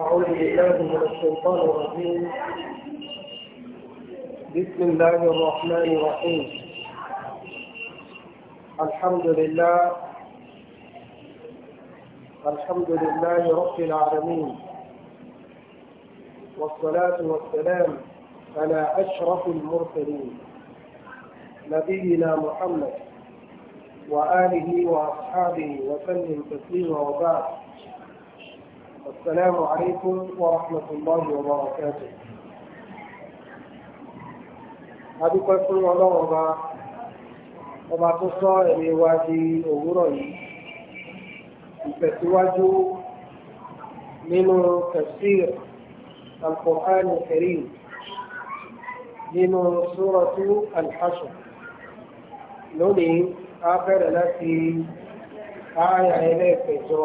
أعوذ بالله من الشيطان الرجيم بسم الله الرحمن الرحيم الحمد لله الحمد لله رب العالمين والصلاة والسلام على أشرف المرسلين نبينا محمد وآله وأصحابه وسلم تسليما وبعد السلام عليكم ورحمة الله وبركاته adúpẹ́ fún ọlọ́run ọba ọba tó sọ ẹ̀mí wa di òwúrọ̀ yìí ìtẹ̀síwájú nínú tafsir al-Qur'an al-Karim nínú suratu al-Hashr lónìí a bẹ̀rẹ̀ láti ààyà ẹlẹ́ẹ̀kẹjọ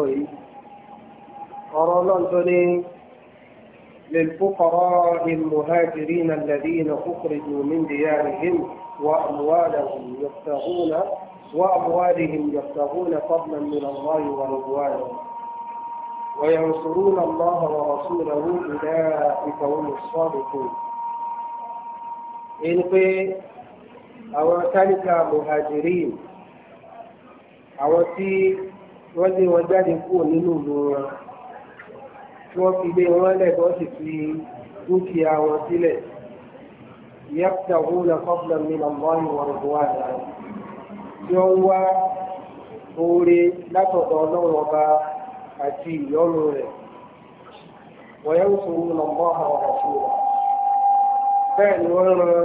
sọ yìí ọ̀rọ̀ للفقراء المهاجرين الذين أخرجوا من ديارهم وأموالهم يبتغون وأموالهم يبتغون فضلا من الله ورضوانه وينصرون الله ورسوله أولئك هم الصادقون ẹni pé àwọn táníkà muhajirin àwọn tí wọ́n lé wọn jáde kúrò nínú ìlú wọn tí wọ́n fi lé wọn lẹ̀ bọ́ sì fi dúkìá wọn sílẹ̀ yẹ́pẹ̀tàwọ́n kọ́pùlà mìíràn mọ́ni wọ̀rọ̀dọ́wà náà tí wọ́n wá oore látọ̀dọ̀ ọlọ́run ọba àti ìyọ́nú rẹ̀ wọ́n yẹ́ ń sọ̀rọ̀ lọ́mọ́ àwọn ọ̀ṣun rẹ̀ bẹ́ẹ̀ ni wọ́n ran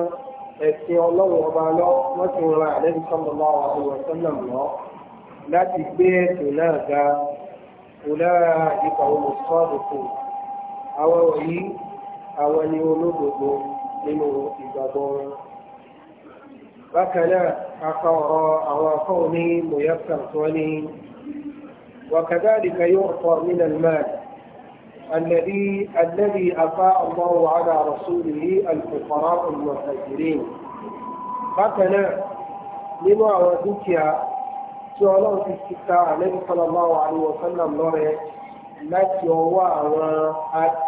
ẹ̀sìn ọlọ́run ọba lọ́ wọ́n ti ran àlẹ́ láti gbé ẹ̀sùn náà ga ọlára ipa olùsọ́ọ̀dùkù àwọn wọ̀nyí àwọn ni olódodo nínú ìgbàgbọ́ wọn bákan náà ọ̀rọ̀ àwọn afọ́wọ́ ní mọ̀yáfà tó ní وكذلك يعطى من المال الذي الذي أفاء الله على رسوله الفقراء المهاجرين bákan náà nínú àwọn dúkìá tí ọlọ́run ti ti ka àlẹ́bí sọlọ́mọ́ àwọn àríwọ̀ sọ́nà lọ́rẹ̀ láti ọwọ́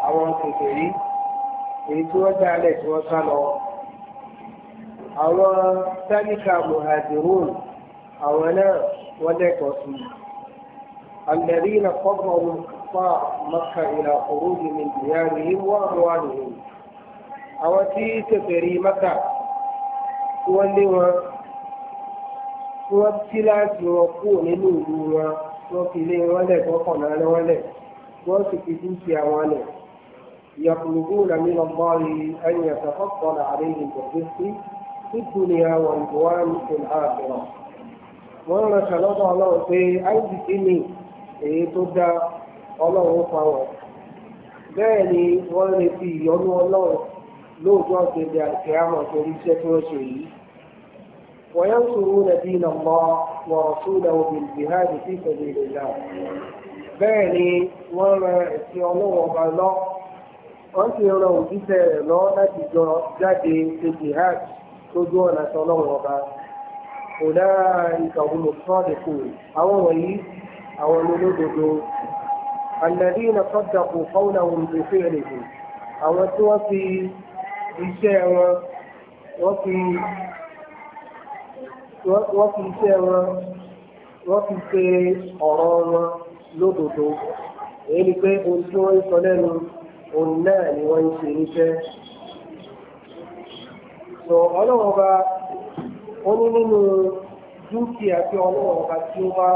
àwọn kèké yìí èyí tí wọ́n dá alẹ́ tí wọ́n sá lọ. àwọn tálíkà muhajirun àwọn náà wọ́n lẹ́kọ̀ọ́ sí i. الذين قبروا كفار مكة إلى خروج من ديارهم وأموالهم أو تي تفري مكة ولي wọ́n tí láti wọn kúrò nínú ìlú wọn wọ́n fi lé wọn lẹ̀ gbọ́kànlá wọn lẹ̀ wọ́n sì fi dúkìá wọn lẹ̀. يطلبون من الله أن يتفضل عليهم بالرزق في الدنيا والجوان في الآخرة. wọ́n ràn ṣàlọ́dọ̀ ọlọ́run pé ni èyí tó dá ọlọ́run bẹ́ẹ̀ ni wọ́n retí ọlọ́run وينصرون دين الله ورسوله بالجهاد في سبيل الله بني وما يسيرون وبلا wọ́n ti ran òjíṣẹ́ rẹ̀ lọ láti jọ jáde ṣe jihad lójú ọ̀nà tọ́lọ́wọ́n ọba kò dára ìkàwùmọ̀ sọ́ọ̀dẹ̀kù àwọn wọ̀nyí àwọn olódodo àlẹ́rí iná sọ́dọ̀kù fọ́nà òun lè fẹ́ rẹ̀ jù àwọn tí wọ́n fi iṣẹ́ wọn wọ́n fi wọ́n fi iṣẹ́ wọn wọ́n fi ṣe ọ̀rọ̀ wọn lódodo èyí ni pé ohun tí wọ́n ń sọ lẹ́nu òun náà ni wọ́n ń ṣe níṣẹ́. sọ ọlọ́run ọba ó ní nínú dúkìá tí ọlọ́run ọba tí ó bá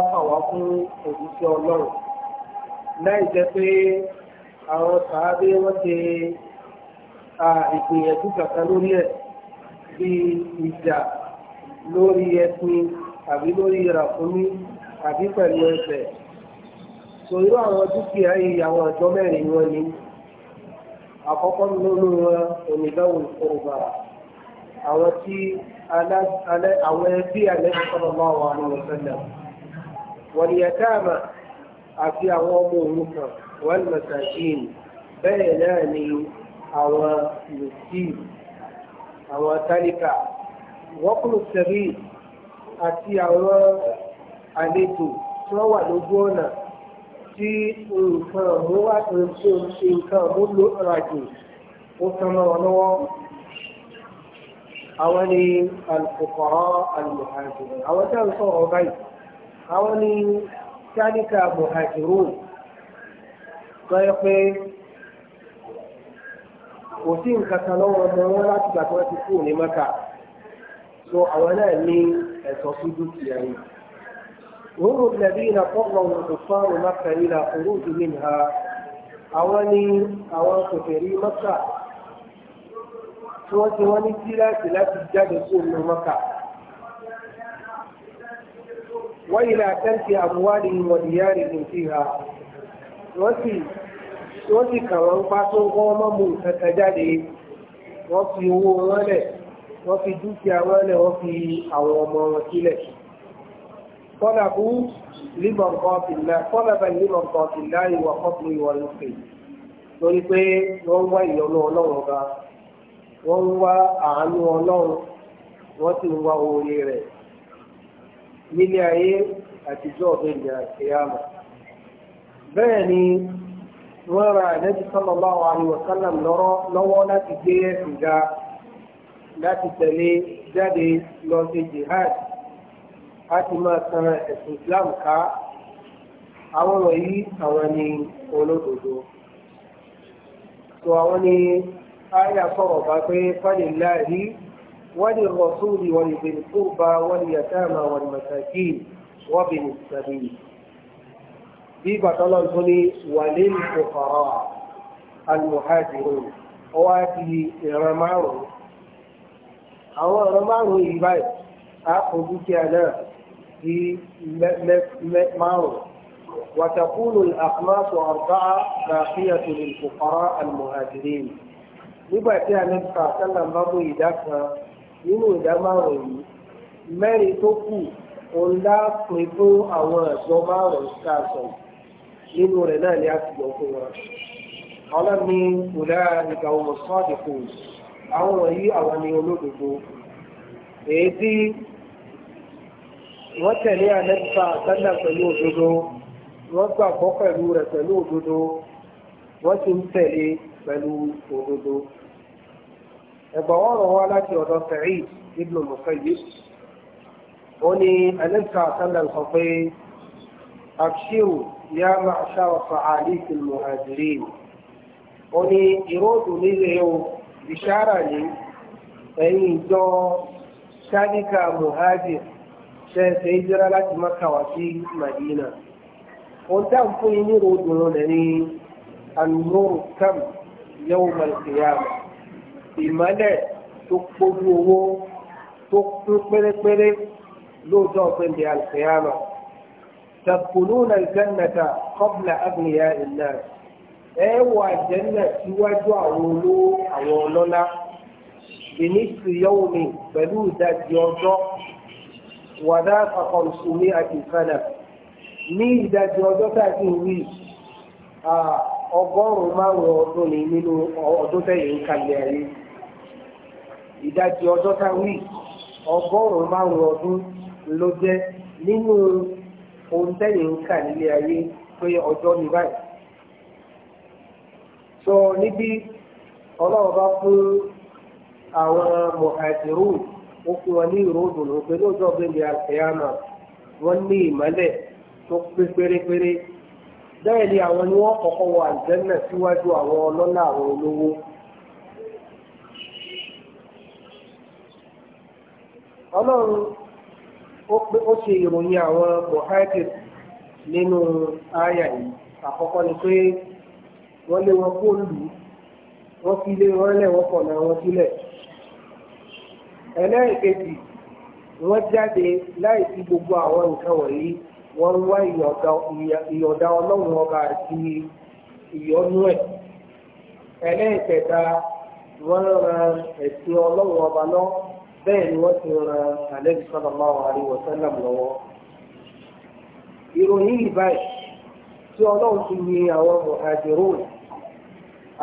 lórí ẹṣin àbí lórí ràkúnmí àbí pẹ̀lú ẹsẹ̀ so irú àwọn dúkìá yìí àwọn ọjọ́ mẹ́rin wọn ni àkọ́kọ́ nínú wọn onídàwò ìfowópamọ́ àwọn tí àwọn ẹbí àlẹ́bí sọ̀rọ̀ bá wà ní ọ̀sẹ̀lẹ̀ wọ́n ni ẹ̀ka àmà àti àwọn ọmọ òrukàn wọ́n mẹ̀sàgìn bẹ́ẹ̀ náà ni àwọn lùsíì àwọn tálíkà wọ́pùlù sẹ́rí àti àwọn àlejò tí wọ́n wà lójú ọ̀nà tí nǹkan ọ̀hún rajò ó tán mọ́ wọn lọ́wọ́ àwọn ni alùpùpọ̀rọ̀ alùmùhàjìrì àwọn tí a ń sọ̀rọ̀ báyìí àwọn ni táníkà mùhàjìrì tó yẹ pé kò sí nǹkan kan lọ́wọ́ ọmọ wọn láti gbà ti kú ní mẹ́ka so àwọn náà ní ẹ̀tọ́ sí dúkìá yìí. Òhun lẹ́bí iná pọ́pọ̀ òfáàrùn Mákà ilà òrùdù mi ha. Àwọn ní àwọn kòtẹ̀rí Mákà tí wọ́n ti wọ́n ní kíláàsì láti jáde sí òun Mákà. Wọ́n ilà àtẹ́ǹtì àbúwádì ìmọ̀dìyárì ní fi ha. Wọ́n sì wọ́n sì kà wọ́n pa tó wọ́n mọ́ mú nǹkan jáde. Wọ́n fi owó wọn lẹ̀. wọ́n fi dúkìá wọn lẹ̀ wọ́n fi àwọn ọmọ wọn sílẹ̀ kọ́lá bú límọ̀n pé wọ́n wá ọlọ́run wọ́n wá ọlọ́run rẹ̀ ayé bẹ́ẹ̀ ni wọ́n ra lọ́wọ́ láti gbé ga láti tẹ̀lé jáde lọ sí jihad láti máa tan ẹ̀sìn Islam ká àwọn wọ̀nyí àwọn ni olódodo so àwọn ni aya sọ̀rọ̀ bá pé fàlìláàrí wọ́nì rọ̀súlì wọ́nì bìnkúrba wọ́nì yàtàmà wọ́nì màtàkì wọ́n bìn sàbí bí bàtọ́lọ̀ tó ní wàlé ìfòkọ̀rọ̀ almuhajirun ọwá di ìran márùn-ún àwọn ọ̀rọ̀ márùn-ún yìí báyìí á kó dúkìá náà di márùn-ún وتكون الأخماس أربعة باقية للفقراء المهاجرين nígbà tí a ní sàkálà bá mú ìdá kan nínú ìdá márùn yìí mẹ́rin tó kù òun dá pin fún àwọn ẹ̀sọ́ márùn ká sọ nínú rẹ̀ náà ni a ti gbọ́ fún wọn. ọlọ́ni kùdà ìgbà òmùsọ́ọ̀dì kù àwọn wọ̀nyí àwọn ni olódodo èyí tí wọ́n tẹ̀lé ànẹ́fà sálà pẹ̀lú òdodo wọ́n gbàgbọ́ pẹ̀lú rẹ̀ pẹ̀lú òdodo wọ́n ti ń tẹ̀lé pẹ̀lú òdodo. ẹ̀gbọ́n wọn rọ̀ wá láti ọ̀dọ̀ Sa'id ibn Musayyib ó ní ànẹ́fà sálà sọ pé abshiru ya ma'ashara fa'alifil muhajirin ó ní ìró òdò yóò ìṣára yìí ẹ̀yin ìjọ sáníkà muhajir ṣe ń ṣe ìjọra láti maka wá sí madina ohun tá à ń fún yín ní ròdùn rẹ̀ ní anúrò kam yóò malkiyama ìmọ́lẹ̀ tó kpójú owó tó kún pérépéré lóòótọ́ ọ̀gbẹ́ndì alkiyama tàkùnú nàìjẹ́nàta kọ́bùlà àbúyá ìnáà. ẹ wọ àjẹ́nà síwájú àwọn olówó àwọn ọlọ́lá bìnísì yọ̀wò mi pẹ̀lú ìdajì ọjọ́ wàdà àkọ̀ǹsùnmí àti ní ìdajì ọjọ́ tá a ti ń wí ọgọ́rùn-ún márùn-ún ọdún ni nínú ọdún tẹ̀yìn kalẹ̀ ayé ìdajì ọjọ́ tá ọgọ́rùn-ún márùn-ún ọdún ló jẹ́ nínú ohun tẹ̀yìn ayé pé so níbi ọlọ́run bá fún àwọn mọ̀hàdìrú ó fún wọn ní ìròdùn ló pé lóòótọ́ bẹ́ẹ̀ ni àṣeyàmà wọ́n ní ìmọ́lẹ̀ tó pé pérépéré bẹ́ẹ̀ ni àwọn ni wọ́n kọ́kọ́ wọ àjẹ́nà síwájú àwọn ọlọ́lá àwọn olówó. ọlọ́run ó ṣe ìròyìn àwọn mọ̀hàdìrú ni pé. wọ́n lé wọn kó lù ú wọ́n fi lé wọn lẹ̀ wọ́n kọ̀nà wọn sílẹ̀. ẹlẹ́ẹ̀kejì wọ́n jáde láì sí gbogbo àwọn nǹkan wọ̀nyí wọ́n wá ìyọ̀dá ọlọ́run ọba àti ìyọ́nú ẹ̀. ẹlẹ́ẹ̀kẹta wọ́n ran ẹ̀sìn ọlọ́run ọba lọ bẹ́ẹ̀ ni wọ́n ti ran máa wà ní lọ́wọ́. ìròyìn ìbáyìí tí ọlọ́run ti yin àwọn àjẹrò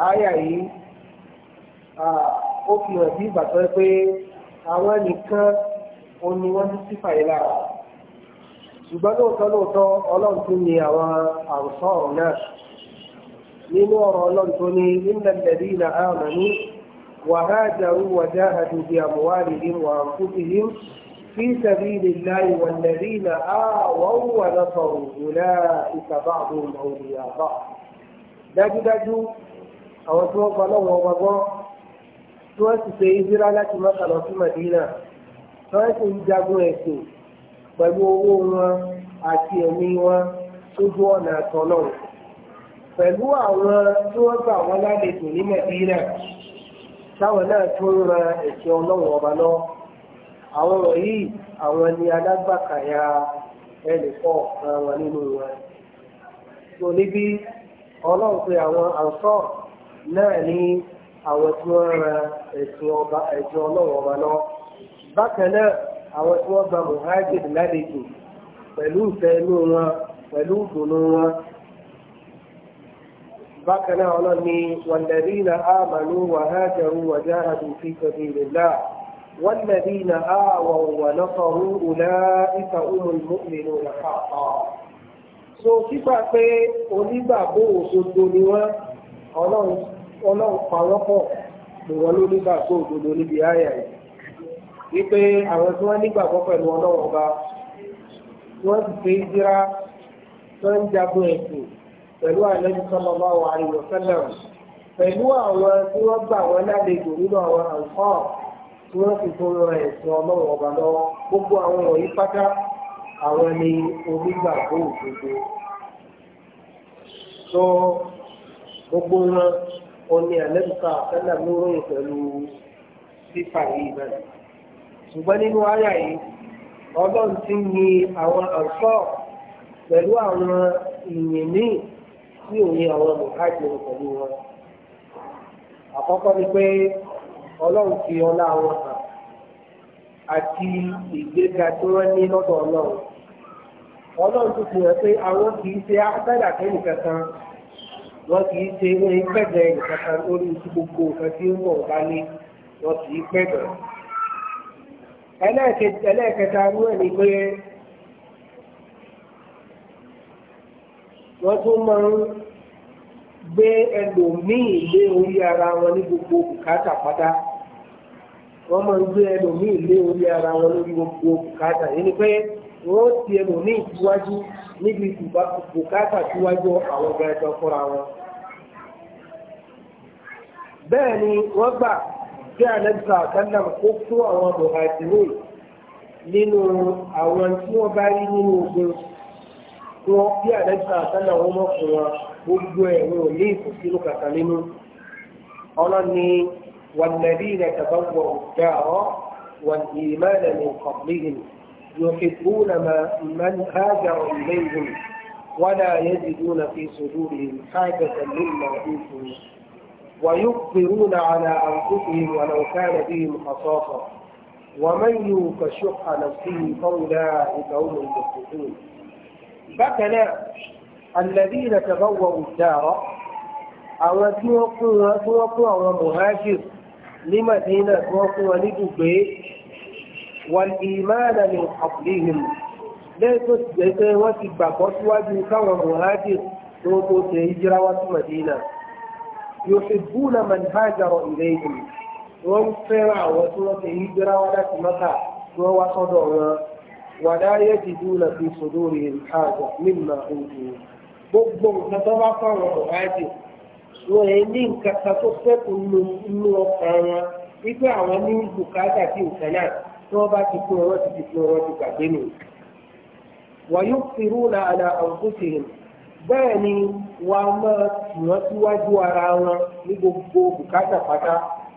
àyà yìí ó fi hàn bí ìgbà tó pé àwọn nìkan ó ní wọ́n ti sífà yìí lára ṣùgbọ́n lóòótọ́ lóòótọ́ ọlọ́run tún yin àwọn àrùsọ̀rọ̀ náà nínú ọ̀rọ̀ ọlọ́run tó ní ilẹ̀ lẹ́bí na àmàlú wàhálà jàrú wàjá àdùbí àmúwárìhìm wàhálà في سبيل الله والذين آووا ونصروا أولئك بعضهم أولياء بعض dájúdájú àwọn tí wọ́n gbọ́ lọ́wọ́ wọn gbọ́ tí wọ́n sì ṣe ìdíra láti Mẹ́kà lọ sí Mẹdínà tí wọ́n pẹ̀lú nwa àwọn tí wọ́n gbà wọ́n ní táwọn náà tún ẹ̀sìn Ọlọ́run ọba àwọn wọ̀nyí àwọn ni alágbàkàyà ẹnìkọ̀ọ̀kan wọn nínú wọn tó níbi ọlọ́run pé àwọn àǹsọ́ náà ní àwọn tí wọ́n ran ẹ̀sìn ọba ẹ̀sìn ọlọ́run ọba lọ bákan náà àwọn tí wọ́n gba muhajir lálejò pẹ̀lú ìfẹ́ inú wọn pẹ̀lú ìdùnnú wọn bákan náà ọlọ́run ni wàlẹ́rìnà àmàlú wàhájẹrù wàjáhàdù fi والذين آووا ونصروا أولئك هم المؤمنون حقا so sípà pé onígbàgbọ́ òdodo ni wọ́n ọlọ́run pàwọ́pọ̀ ni wọ́n ló nígbàgbọ́ òdodo níbi àyà yìí wípé àwọn tí wọ́n nígbàgbọ́ pẹ̀lú ọlọ́run ọba wọ́n sì fi jíra tó ń jagun ẹ̀sìn pẹ̀lú àlẹ́bí sallallahu alaihi wasallam pẹ̀lú àwọn tí wọ́n gbà wọ́n lálejò nínú àwọn àǹfọ̀ọ́ tí wọ́n fi fún ran ẹ̀sìn ọlọ́run ọba lọ́wọ́ gbogbo àwọn wọ̀nyí pátá àwọn ni onígbàgbọ́ òdodo. sọ gbogbo wọn ọ̀nì àlẹ́bùkà àtẹ́lẹ̀ ló ròyìn pẹ̀lú fífà yìí náà. ṣùgbọ́n nínú àyà yìí ọlọ́run ti ń yin àwọn àṣọ pẹ̀lú àwọn ìyìn míì tí òun àwọn mùhájì pẹ̀lú wọn. àkọ́kọ́ ni pé ọlọ́run fi ọlá wọn hàn àti ìgbéga tí wọ́n ní lọ́dọ̀ ọlọ́run ọlọ́run tó fi hàn pé àwọn kì í ṣe ábẹ́là kẹ́yìn kankan wọ́n kì í ṣe wọ́n pẹ̀bẹ̀ kankan lórí gbogbo nǹkan tí ó ń bọ̀ wálé wọ́n kì í pẹ̀bẹ̀. ẹlẹ́ẹ̀kẹta rú ẹ̀ ni pé wọ́n tún máa ń gbé ẹlòmíì lé orí ara wọn ní gbogbo bùkátà pátá wọ́n máa ń gbé ẹlòmíì lé orí ara wọn lórí gbogbo bùkátà yìí ni pé wọ́n ti ẹlòmíì síwájú níbi bùkátà síwájú àwọn ọ̀gá ẹ̀tọ́ fúnra wọn. bẹ́ẹ̀ ni wọ́n gbà bí àlẹ́gbà àkàndà kó fún àwọn mùhàdìrò nínú àwọn tí wọ́n bá rí nínú ogun tí wọ́n bí àlẹ́gbà àkàndà wọn mọ̀ fún wọn gbogbo ẹ̀rọ ní ìfòsínú kàkà nínú ọlọ́ni. والذين تبوأوا الدار والإيمان من قبلهم يحبون ما من هاجر إليهم ولا يجدون في صدورهم حاجة مما أوتوا ويكبرون على أنفسهم ولو كان بهم خصاصة ومن يوق شح نفسه فأولئك هم المفلحون بكنا الذين تبوأوا الدار أو توقوا مهاجر ní Madina tí wọ́n fún wọn ní dùgbé wọn ìmáàdà ní ọ̀pọ̀lẹ́hìn lẹ́yìn tó ti jẹ́ pé wọ́n ti gbàgbọ́ síwájú káwọn mùhájìr tó tó ṣe hijira wá sí Madina yóò fi búna man hajara wọ́n fẹ́ràn àwọn tí wọ́n ṣe hijira láti Maka tí wọ́n wá sọ́dọ̀ wọn wàdá yẹ ti dúnà fi sòdórí ìlú hajj mímà òjò gbogbo nǹkan tó bá fáwọn mùhájìr wọn ẹ ní nǹkan kan tó fẹ́kù nínú ọkàn wọn wípé àwọn ní bùkátà sí nǹkan náà tí wọ́n bá ti fún ọwọ́ na àlà àwùjọ́sìn bẹ́ẹ̀ ni wàá máa tì wọ́n síwájú ara wọn ní gbogbo bùkátà pátá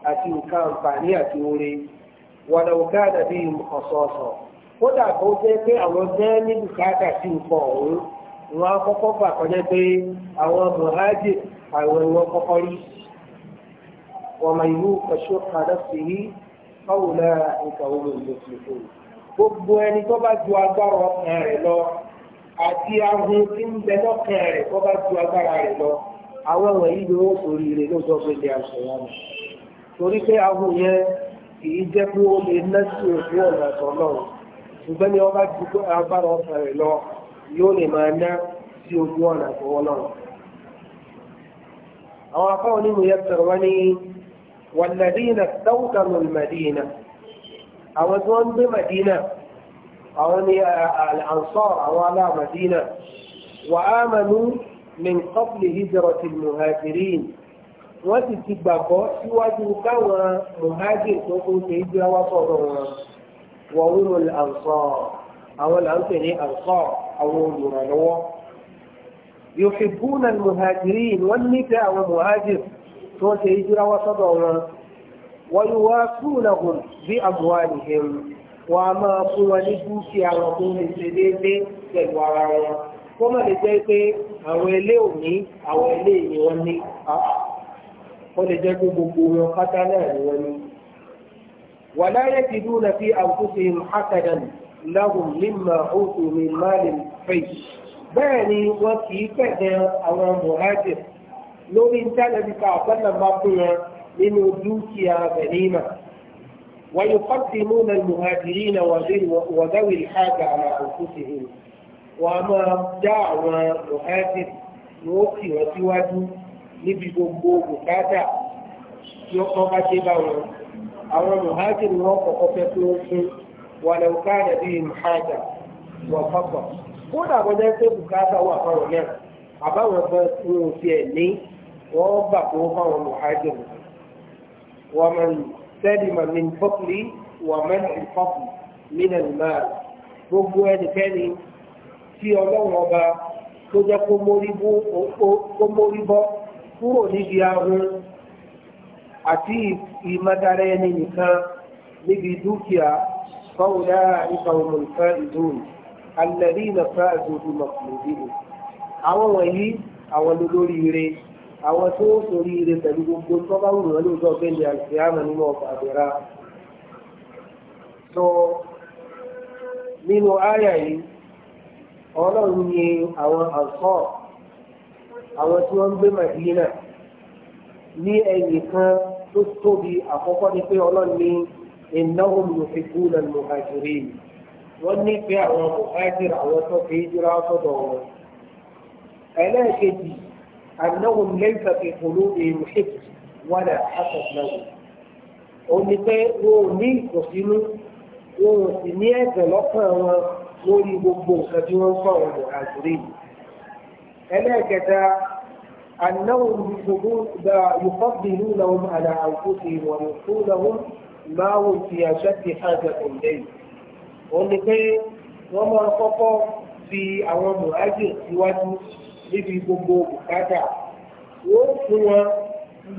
àti nǹkan àǹfààní àti oore ọ̀sọ̀ọ̀sọ̀ jẹ́ pé àwọn ní bùkátà sí nǹkan ọ̀hún á kọ́kọ́ fà kọjá pé àwẹ̀ wọn kọ́kọ́ rí wọn máa yú kọṣọ padà sí i báwo lára nǹkan owó ìlú òfìfò gbogbo ẹni tó bá ju agbára ọkàn rẹ̀ lọ àti ahun tí ń bẹ lọ́kàn rẹ̀ tó bá ju agbára rẹ̀ lọ àwọn wọ̀nyí ló ń sori rẹ̀ lóòótọ́ pé lè àṣẹ wọn ni torí pé ahun yẹn kìí jẹ́ pé ó lè ná sí òfin ọ̀nà àtọ̀lọ́run ṣùgbọ́n ni wọ́n bá ju agbára ọkàn rẹ̀ lọ yóò lè máa ná sí ojú ọ̀nà àtọ̀wọ́lọ́run àwọn afọ́ onímọ̀ yẹ sọ̀rọ̀ wọn ni wàlẹ́dínà sáwùtàmù mẹ́dínà àwọn tí wọ́n ń gbé mẹ́dínà àwọn ni àǹsọ́ àwọn ará mẹ́dínà wà á mẹ́nu min kọ́pìlì hijrọ̀tì muhajirin wọ́n sì ti gbàgbọ́ síwájú káwọn muhajir tó kún ṣe hijira wá sọ̀rọ̀ wọn wọ́n يحبون المهاجرين والنساء والمهاجر تون تهجر وصدعون ويوافونهم بأموالهم وما قوة لدوكي على قوم الزديد للوراء وما لديك أولي أمي أولي يوني ولديك بقوم قتلا يوني ولا يجدون في أنفسهم حسدا لهم مما أوتوا من مال الفيش bẹ́ẹ̀ ni wọ́n kì í pẹ̀lẹ́ àwọn muhajir lórí ìtàlẹ́bíkà àpẹ́lẹ́bá fún wọn nínú dúkìá ghanima ويقدمون المهاجرين وذوي الحاجة على أنفسهم وما دعوى مهاجر نوكي وسواجه níbi gbogbo bùkátà tí ó kọ́ bá ṣe bá wọn àwọn muhajir wọn kọ̀kọ́ fẹ́ fún wọn fún wàlẹ̀ òkà wọ́n kódà bọ́jà pé bùkátà wà fáwọn náà àbáwọn ẹgbẹ́ tí wọ́n fi ẹ̀ ní wọ́n bà kó fáwọn mùhájò wọ́n máa ń tẹ́lẹ̀ mà ní fọ́pùlì wọ́n máa ń tẹ́lẹ̀ fọ́pùlì nílẹ̀ náà gbogbo ẹnikẹ́ni tí ọlọ́run ọba tó jẹ́ kó mórí bọ́ kúrò níbi ahun àti ìmọ̀dára ẹni nìkan níbi dúkìá fọ́wọ́dá ìfàwọn mọ̀lùfẹ́ ìdúró alẹ́rí ìlọ́fà àjòjì mọ̀kùnrin àwọn wọ̀nyí àwọn lórí ire àwọn tó ń sori ire pẹ̀lú gbogbo tó bá wù wọ́n lóòótọ́ bẹ́ẹ̀ ni àlùfíàmù nínú ọkọ̀ àbẹ̀rà sọ nínú àyà yìí ọlọ́run ni àwọn àǹkọ́ àwọn tí wọ́n ń gbé màdínà ní ẹ̀yìn kan tó tóbi àkọ́kọ́ ni pé ọlọ́run ni ìnáwó lòfikún náà lòhàjìrì yìí wọ́n nífẹ̀ẹ́ àwọn mùhájìrì àwọn tó fi hijira sọ́dọ̀ wọn. ẹlẹ́ẹ̀kejì anáwó lẹ́sà fi kúrú èèmù ṣèkì wọn à àtàkùnáwó. ó ní pé wọn ò ní ìkùnsínú wọn ò sì ní ẹ̀jẹ̀ lọ́kàn wọn lórí gbogbo nǹkan tí wọ́n ń fọ́ àwọn mùhájìrì. ẹlẹ́ẹ̀kẹta anáwó yufadilunahum ala anfusihim wa yu'tunahum ma hum fi ashaddi hajatin ilayhi. òun ni pé wọ́n máa kọ́kọ́ fi àwọn mùhájì síwájú níbi gbogbo bùkátà wọ́n fún wọn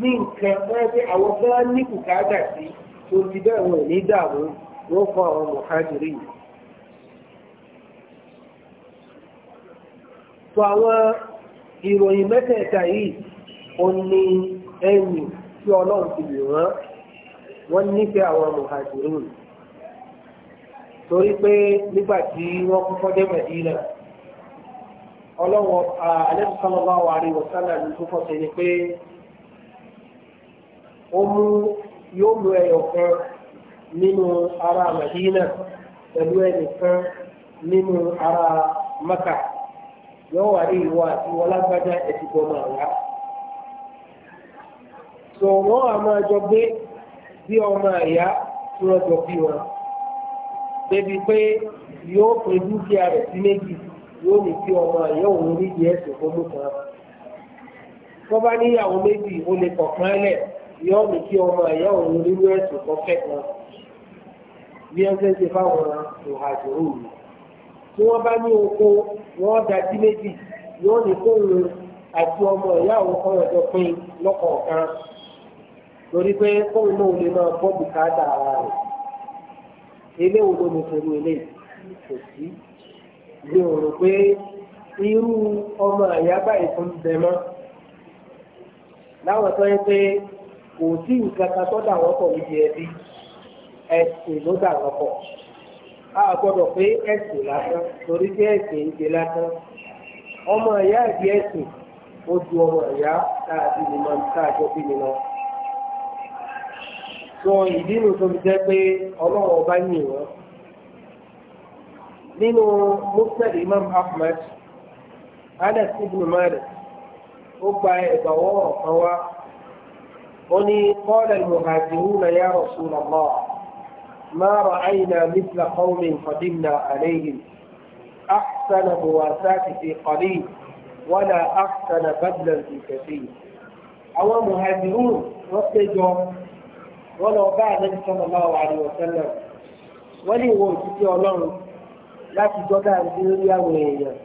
ní nǹkan bẹ́ẹ̀ pé àwọn bá ní bùkátà sí tó ti bẹ́ẹ̀ wọn ní dààmú wọ́n fún àwọn mùhájì rí tó àwọn ìròyìn mẹ́tẹ̀ẹ̀ta yìí ó ní ẹ̀yìn tí ọlọ́run ti lè rán torí pé nígbà tí wọ́n kọ́kọ́ dé Mẹ̀dínà ọlọ́wọ́ alẹ́sọ̀lọ́wọ́ àwọn àríwọ̀sálà ní tó fọ́sẹ̀ ni pé ó mú ara Mẹ̀dínà pẹ̀lú ẹnìkan nínú ara maka yóò wà ní ìwọ àti ìwọ lágbájá ẹ̀sìn àwá. sọ̀rọ̀ àwọn àjọ gbé bí ọmọ àyá tí wọ́n jọ débi pé yóò pe dúkìá rẹ̀ sí méjì yóò ní kí ọmọ ẹ̀yọ́ òun nídìí ẹ̀sìn fún mú kan. tó bá níyàwó méjì ó lè kọ̀ọ̀kan lẹ̀ yóò ní kí ọmọ ẹ̀yọ́ òun nínú ẹ̀sìn kan kẹ́kan. bí ẹgbẹ́ ṣe fáwọn òhàjò òòlù. tí wọ́n bá ní oko wọ́n da sí méjì yóò ní kóòrùn àti ọmọ ẹ̀yà òun kan ọ̀dọ́ pín lọ́kọ̀ọ̀kan. torí pé kóòrùn náà lè máa bọ́ bùkátà ara rẹ̀ eléwo ló ní pẹ̀lú eléyìí kò sí mi ò rò pé irú ọmọ àyà báyìí tó ń bẹ mọ́ láwọn tó yẹ pé kò sí nǹkan kan tó dà wọ́n pọ̀ níbi ẹbí ẹ̀sìn ló dà wọ́n a gbọ́dọ̀ pé ẹ̀sìn lásán torí pé ẹ̀sìn ìdè lásán ọmọ àyà ìdí ẹ̀sìn ó ju ọmọ àyà tá a ti lè máa ń ká àjọ bí mi lọ sọ ìdí nu tó fi jẹ́ pé ọlọ́run ọba yìn wọ́n nínú musnad imam ahmed anas ibn malik ó gba ìgbàwọ́ ọ̀kan wá ó ní qala al-muhajiruna ya rasulallah ma ra'ayna mithla qawmin qadimna alayhim أحسن مواساة في قليل ولا أحسن بدلا في كثير أو مهاجرون وقت wọ́n lọ bá àlẹ́bí sọ́nà máa wà ní wọ́n wọ ọlọ́run láti dọ́dà orí àwọn èèyàn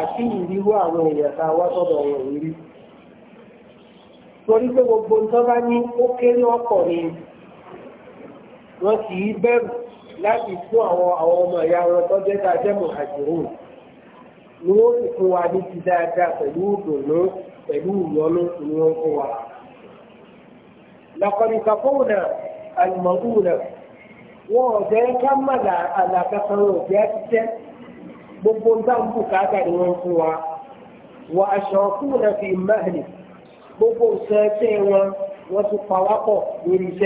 àti ìrírú àwọn èèyàn tá a wá sọ́dọ̀ wọn rí torí pé gbogbo nǹkan bá ní ó kéré ọkọ̀ ni wọ́n sì í bẹ̀rù láti fún àwọn àwọn ọmọ ìyá wọn tó jẹ́ tá a jẹ́ mọ̀hàjìrún ni wọ́n sì fún wa ní ti dáadáa لقد تقونا المضونة وذلك مدى على تصرفات gbogbo ń dáhùn bùkátà ni wọ́n fún wa wà aṣọ́kù fi máàlì gbogbo ìṣe ẹsẹ̀ wọn nri ti pa wá pọ̀ lórí a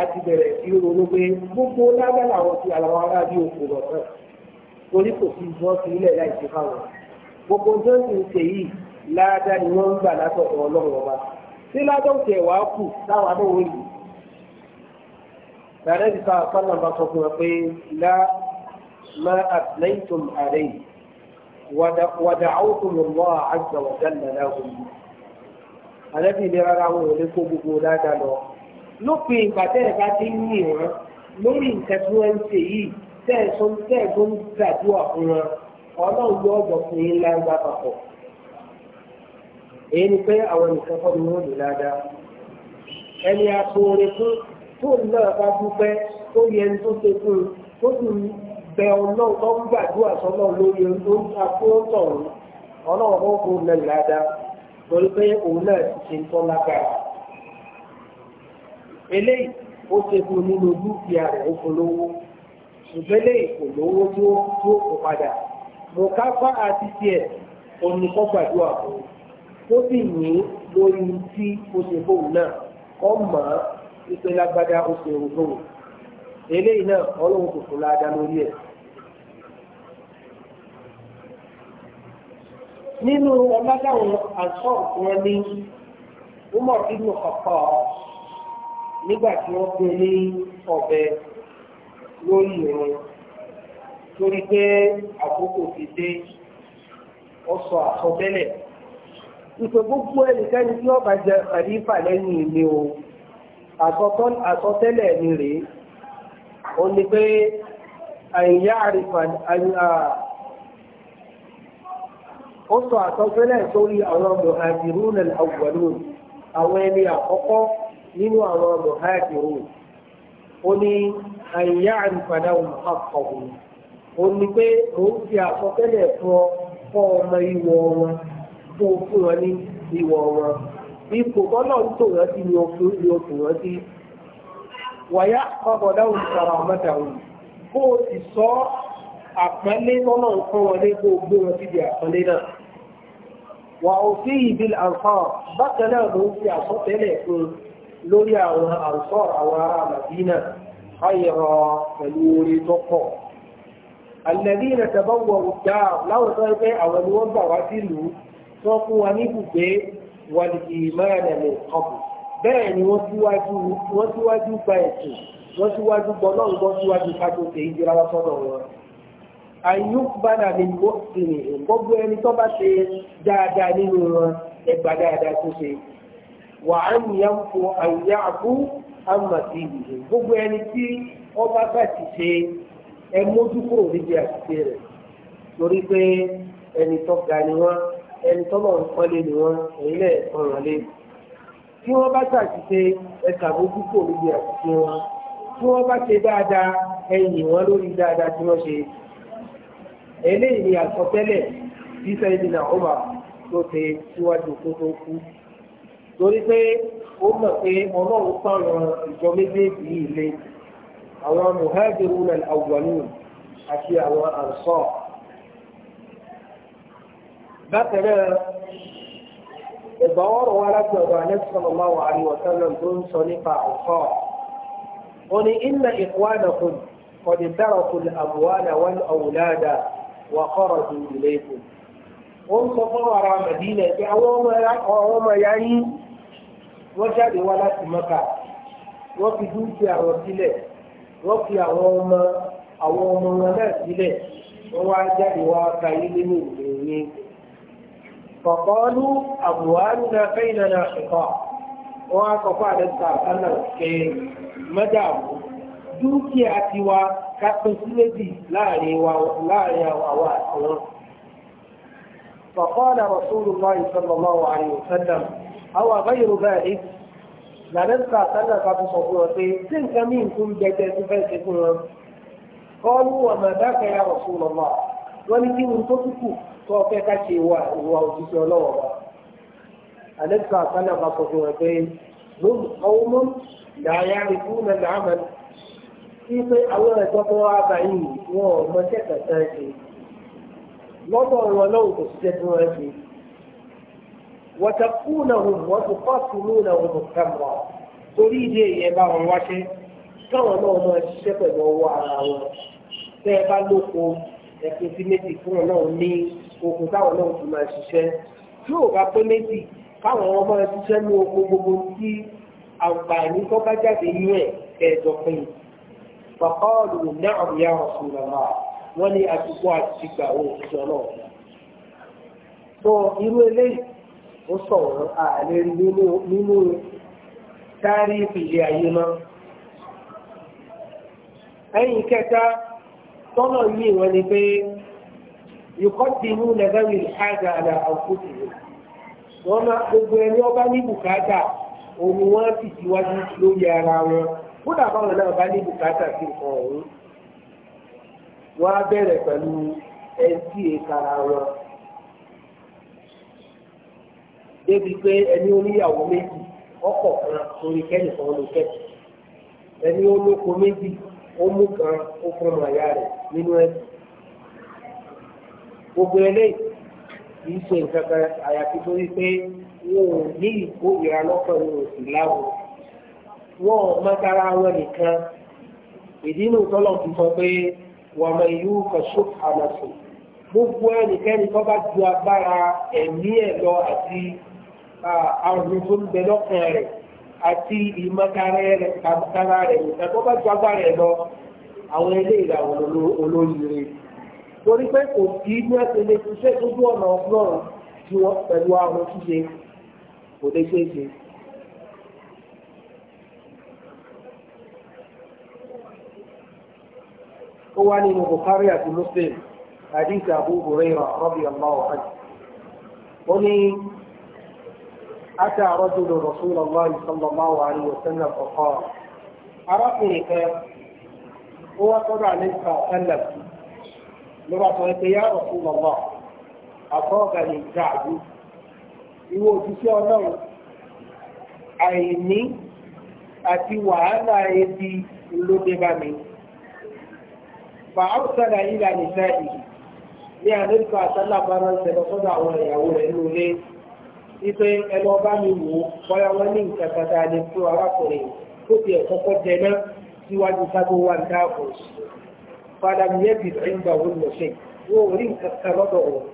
a ti bẹ̀rẹ̀ sí ronú pé gbogbo ti àwọn aráàlú òkú torí kò sí ilẹ̀ láì ṣe fáwọn. gbogbo tó ń sìn ṣe yìí láàdá ni wọ́n ń gbà látọ̀dọ̀ ọlọ́run ọba tí ládọ́ọ̀tì ẹ̀ wàá kù táwọn adóhùn yìí tààrẹ́ ti sáà sọ́nà bá sọ fún wa pé lá má àtìlẹ́yìntùm àrẹ yìí wàdà áwùtùm lọ́wọ́ àgbà wàdà nàlá òun yìí àlẹ́bí ilé rárá wọn ò kó gbogbo ládàá lọ lópin ìgbà tẹ́ẹ̀ bá ti ń yìn wọn lórí nǹkan tí wọ́n ń ṣe yìí tẹ́ẹ̀ tó ń gbàdúrà fún wọn ọlọ́run yóò jọ fún yín láńgá papọ̀ èyí ni pé àwọn nìkan kọ́ ni wọ́n lè dáadáa ẹni àtòrè fún tó náà bá dúpẹ́ tó yẹ ní tó ṣe fún un tó sì ń bẹ ọlọ́run tó ń gbàdúrà sọ́lọ́ lórí akóńtọ̀ ọlọ́run kọ́ fún un lẹ́nu dáadáa torí pé òun náà ti ṣe ń tọ́ lágbára eléyìí ó ṣe fún un nínú dúkìá rẹ̀ ó fún lówó ṣùgbọ́n eléyìí kò lówó tí ó kó padà mọ̀káfá àti tiẹ̀ ònìkọ́ gbàdúrà tó sì ní lórí tí o ṣe fóun náà kọ́ mọ̀ ọ́ ipe lágbádá ó ṣe òun fóun eléyìí náà ọlọ́run kò fún láadá lórí ẹ̀. nínú ọlọ́dáwọn àṣọ wọn ní umar ibn Khattab nígbà tí wọ́n gbé ní ọ̀bẹ lórí ìrìn torí pé àkókò ti dé ó sọ àsọtẹ́lẹ̀ ìpè gbogbo ẹnikẹ́ni tí ó bá jẹ àlífà lẹ́yìn mi o àsọtẹ́lẹ̀ mi rèé ó ní pé àyíyá àrífà ó sọ àsọtẹ́lẹ̀ sórí àwọn mùhàjírùn al-awwalun àwọn ẹni àkọ́kọ́ nínú àwọn mùhàjírùn ó ní àyíyá àrífà náà ó ní pé mò ń fi àkọsílẹ̀ fún ọ fọ́ ọmọ ìwọ wọn kó o fún wọn ní ìwọ wọn ipò kọ́nà ń tò wọ́n sí ni o fún ni o tò wọ́n òun sara ọ̀mọ́ta òun kó o sì sọ àpọ́nlé lọ́nà nǹkan wọlé kó o gbé wọn síbi àpọ́nlé náà wà ó ìbí àǹfààr bákan náà ló ń fi àsọtẹ́lẹ̀ fún lórí àwọn àǹfààr àwọn ará màdínà ayẹ̀rọ pẹ̀lú orí tó pọ̀ alẹ́dínà tàbáwọ̀ ọ̀gá láwọn sọ pé àwọn ni wọ́n bà wá sílùú tó fún wa níbùgbé wàlìkì mẹ́rin ẹ̀mí ọ̀pù bẹ́ẹ̀ ni wọ́n síwájú gba ẹ̀sìn wọ́n síwájú gbọ́dọ̀ gbọ́ síwájú kájọ tèyí jìra wá sọ́dọ̀ wọn. àyùkúbádà ni mo sì ní gbogbo ẹni tó bá ṣe dáadáa nínú wọn ẹgbà dáadáa tó ṣe. wà á nìyàn fún àyà àbú àmàtì gbogbo ẹni tí wọ́n bá ti ṣe ẹ mójú kúrò níbi àṣìṣe rẹ̀ torí pé ẹni tó ga ni wọ́n ẹni tó lọ́n pọ́nlé ni wọ́n èyí lẹ̀ ọ̀ràn lé tí wọ́n bá ṣàṣìṣe ẹ ṣàmójú kúrò níbi àṣìṣe wọn tí wọ́n bá ṣe dáadáa ẹ yìn wọ́n lórí dáadáa tí wọ́n ṣe eléyìí ni àkọsẹ́lẹ̀ bí Sayyidina Umar tó ṣe síwájú kó tó kú torí pé ó mọ̀ pé ọlọ́run pààrọ̀ ìjọ méjèèjì yìí lé àwọn muhajirun al-awwalun àti àwọn ansar bákan náà ìgbà ọ̀rọ̀ wa láti ọ̀dọ̀ Ànábì sallallahu alaihi wa sallam tó ń sọ nípa ansar ó ní inna ikhwanakum qad taraku al-amwala wal-awlada wa kharaju ilaykum ó ń sọ fún ara Mẹ̀dínà pé àwọn ọmọ ya yín wọ́n jáde wá láti Mẹ́kà wọ́n fi dúkìá wọn sílẹ̀ wọ́n fi àwọn ọmọ àwọn ọmọ wọn náà sílẹ̀ wọ́n wá jáde wá ka ilé ní ìròyìn. kọ̀kọ́lù àbùhárù náà fẹ́yìn náà ṣẹ̀kọ́ wọ́n á kọ́kọ́ àdẹ́sà sánà ṣe mẹ́dàbù dúkìá tiwa ká pín sí méjì láàrin àwọn àwọn. فقال رسول الله صلى الله عليه وسلم أو غير ذلك làdẹ́sà sálà ká tún sọ fún wọn pé tí nǹkan mí nǹkan jẹjẹ tó fẹ́ ṣe fún wọn kọ́ọ̀lù ọ̀nà àdáka ya ọ̀sùn lọ́wọ́ wọn ní kí ni tó kúkù tó ọ̀fẹ́ ká ṣe wà ìwà òṣìṣẹ́ ọlọ́wọ́ wa làdẹ́sà sálà ká sọ fún wọn pé lóòmù ọwọ́ làyà ìfúnà làmà sí pé àwọn ẹ̀tọ́ tó wá báyìí wọn ò mọ lọ́dọ̀ wọn lọ́wọ́ kò wọ́tàkùnàhùn wọ́tùkọ́sùnúnàhùn mùsàmùrà torí ìdí èyẹ bá wọn wáṣẹ káwọn náà máa ṣiṣẹ́ pẹ̀lú ọwọ́ ara wọn tẹ́ ẹ bá lóko ẹ̀sìn sí méjì fún náà ní okun káwọn náà ti máa ṣiṣẹ́ tí ò bá pé méjì káwọn wọn máa ṣiṣẹ́ ní oko gbogbo tí àǹfààní tó bá jáde ní ẹ̀ ẹ̀ẹ́dọ̀ pin fàkọ́ọ̀lù náà yà ọ̀sùn lọ́la wọ́n ní àtúkọ́ àti ìgbà òṣìṣẹ́ sọ irú ó sọ̀rọ̀ ààrẹ nínú tárí ìpìlẹ̀ ayé mọ́. ẹ̀yìn kẹta tọ́nà yìí wọ́n ni pé yòkọ́dínú lẹ́gbẹ̀rún ìṣáàjà àlà àkókò wọ́n máa gbogbo ẹni ọba ní bùkátà òun wọ́n sì síwájú lórí ara wọn kódà báwọn náà bá ní bùkátà sí ọ̀hún wọ́n á débi pé ẹni oníyàwó méjì ọkọ̀ kan torí kẹ́yìn kan ló kẹ́kọ̀ọ́ ẹni olóko méjì ó mú kan ó fún ọmọ àyà rẹ̀ nínú ẹ̀sìn gbogbo eléyìí kì í ṣe nǹkan kan àyàfi torí pé wọn ò ní ìkórìíra lọ́kàn ní òsì láwọn wọn ò mọ́tara wọn nìkan ìdínú tọ́lọ̀ ti sọ pé wọ́n mọ ìlú kọ̀ṣù àlọ́sùn gbogbo ẹnikẹ́ni tó bá ju agbára ẹ̀mí ẹ̀ lọ àti àrùn tó ń bẹ rẹ̀ àti ìmọ̀tara rẹ̀ kàbùkàrà rẹ̀ nìkan bá ju agbára ẹ̀ lọ àwọn ilé ìlàwọ̀ olóyìnbó torí pé kò sí ní ẹsẹ̀ lè ṣiṣẹ́ ọ̀nà ọlọ́run tí wọ́n pẹ̀lú àwọn ṣíṣe kò lè Muslim أتى رجل رسول الله صلى الله عليه وسلم فقال أرقني خير هو طبعا لسه سلم لبعض يا رسول الله أصابني الجعد a òjíṣẹ́ ọlọ́run àìní àti wàhálà ebi ló dé bá mi. na ìlànà ìṣáàdì ní àdéhùn àtàlà bá ipe ẹlọ bá mi wò ó bóyá wọn ní nǹkan kan tá a lè fún arákùnrin tó ti ẹ̀kọ́kọ́ jẹ náà síwájú sábó wà ní dáàbò padà mi yẹ bìrì ẹ̀ wọ́n lọ ṣe wọ́n ò rí nǹkan kan lọ́dọ̀ wọn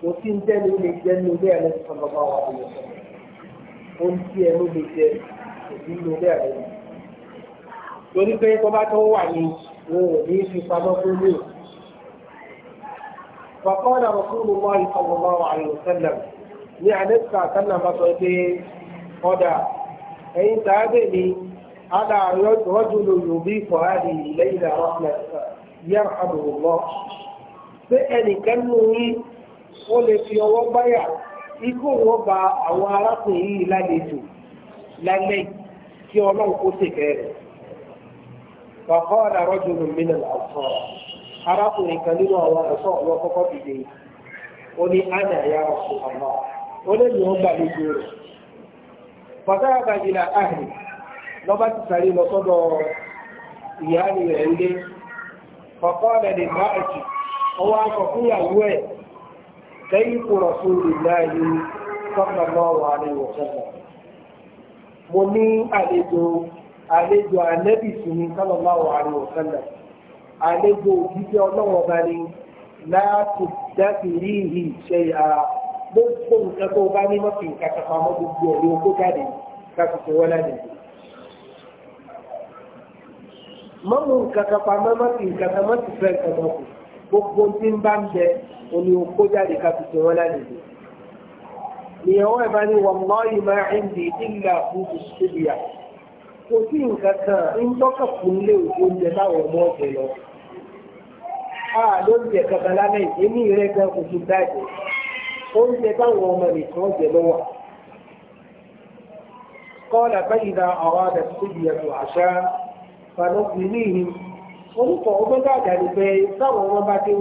kò sí ń tẹ́lu lè jẹ́ ní ilé ẹ̀rọ wa lọ sọ ohun tí ẹnu lè jẹ kò sí ní ilé torí pé tó bá tó wà ní wọn ò ní fi pamọ́ fún mi. فقال رسول الله صلى الله عليه وسلم ní anẹ́sà kánà bá sọ pé ọ̀dà ẹ̀yin tààbẹ̀ ni ala rọ́jùlù yòóbí fọ̀hádì lẹ́yìn àwọn yàrá àbùrùmọ́ pé ẹnìkan nù yín ó lè fi ọwọ́ báyà ikú wọn ba àwọn arákùnrin yìí lálejò lálẹ́ kí ọlọ́run kó tèkẹ́ rẹ̀ kọ̀ọ̀kọ́ ọ̀dà rọ́jùlù mìíràn àwùjọ arákùnrin kan nínú àwọn dìde olóyìn ó gbàlejò rẹ̀ fàtàkà ìlà àhìn lọ́ba ti sàrí lọ sọ́dọ̀ ìyáàlì rẹ̀ ń dé kọ̀kọ́ rẹ̀ lè má ẹ̀kì ọwọ́ akọ̀ fún ìyàwó ẹ̀ lẹ́yìn kò rọ̀ fún náà wà ní mo ní àlejò àlejò ànẹ́bì sí ní àlejò òjíṣẹ́ ọlọ́wọ́ bá ní láti ara gbogbo nǹkan tó bá ní mọ́tì nǹkan kan pamọ́ gbogbo ẹ̀ ló kó jáde káfíńtì wọ́n láti dùn. mọ́mú nǹkan kan pamọ́ mọ́tì nǹkan kan mọ́tì fẹ́ nǹkan kan kù gbogbo tí ń bá ń bẹ òní ó kó jáde káfíńtì wọ́n láti dùn. nìyẹn wọ́n bá ní wallahi ma indi illa fúdù síbíà kò sí nǹkan kan ń tọ́ka fún ilé oúnjẹ táwọn ọmọ ọ̀sẹ̀ lọ. a lóúnjẹ kankan lálẹ́ oúnjẹ táwọn ọmọ nìkan jẹ lọ́wọ́ kọ́lá bẹ́yìnà àwọn àdàtúndìyàtò àṣà fanọ́sì níhìn orúkọ ọgbọ́gbà àdàlùfẹ́ táwọn ọmọ bá dé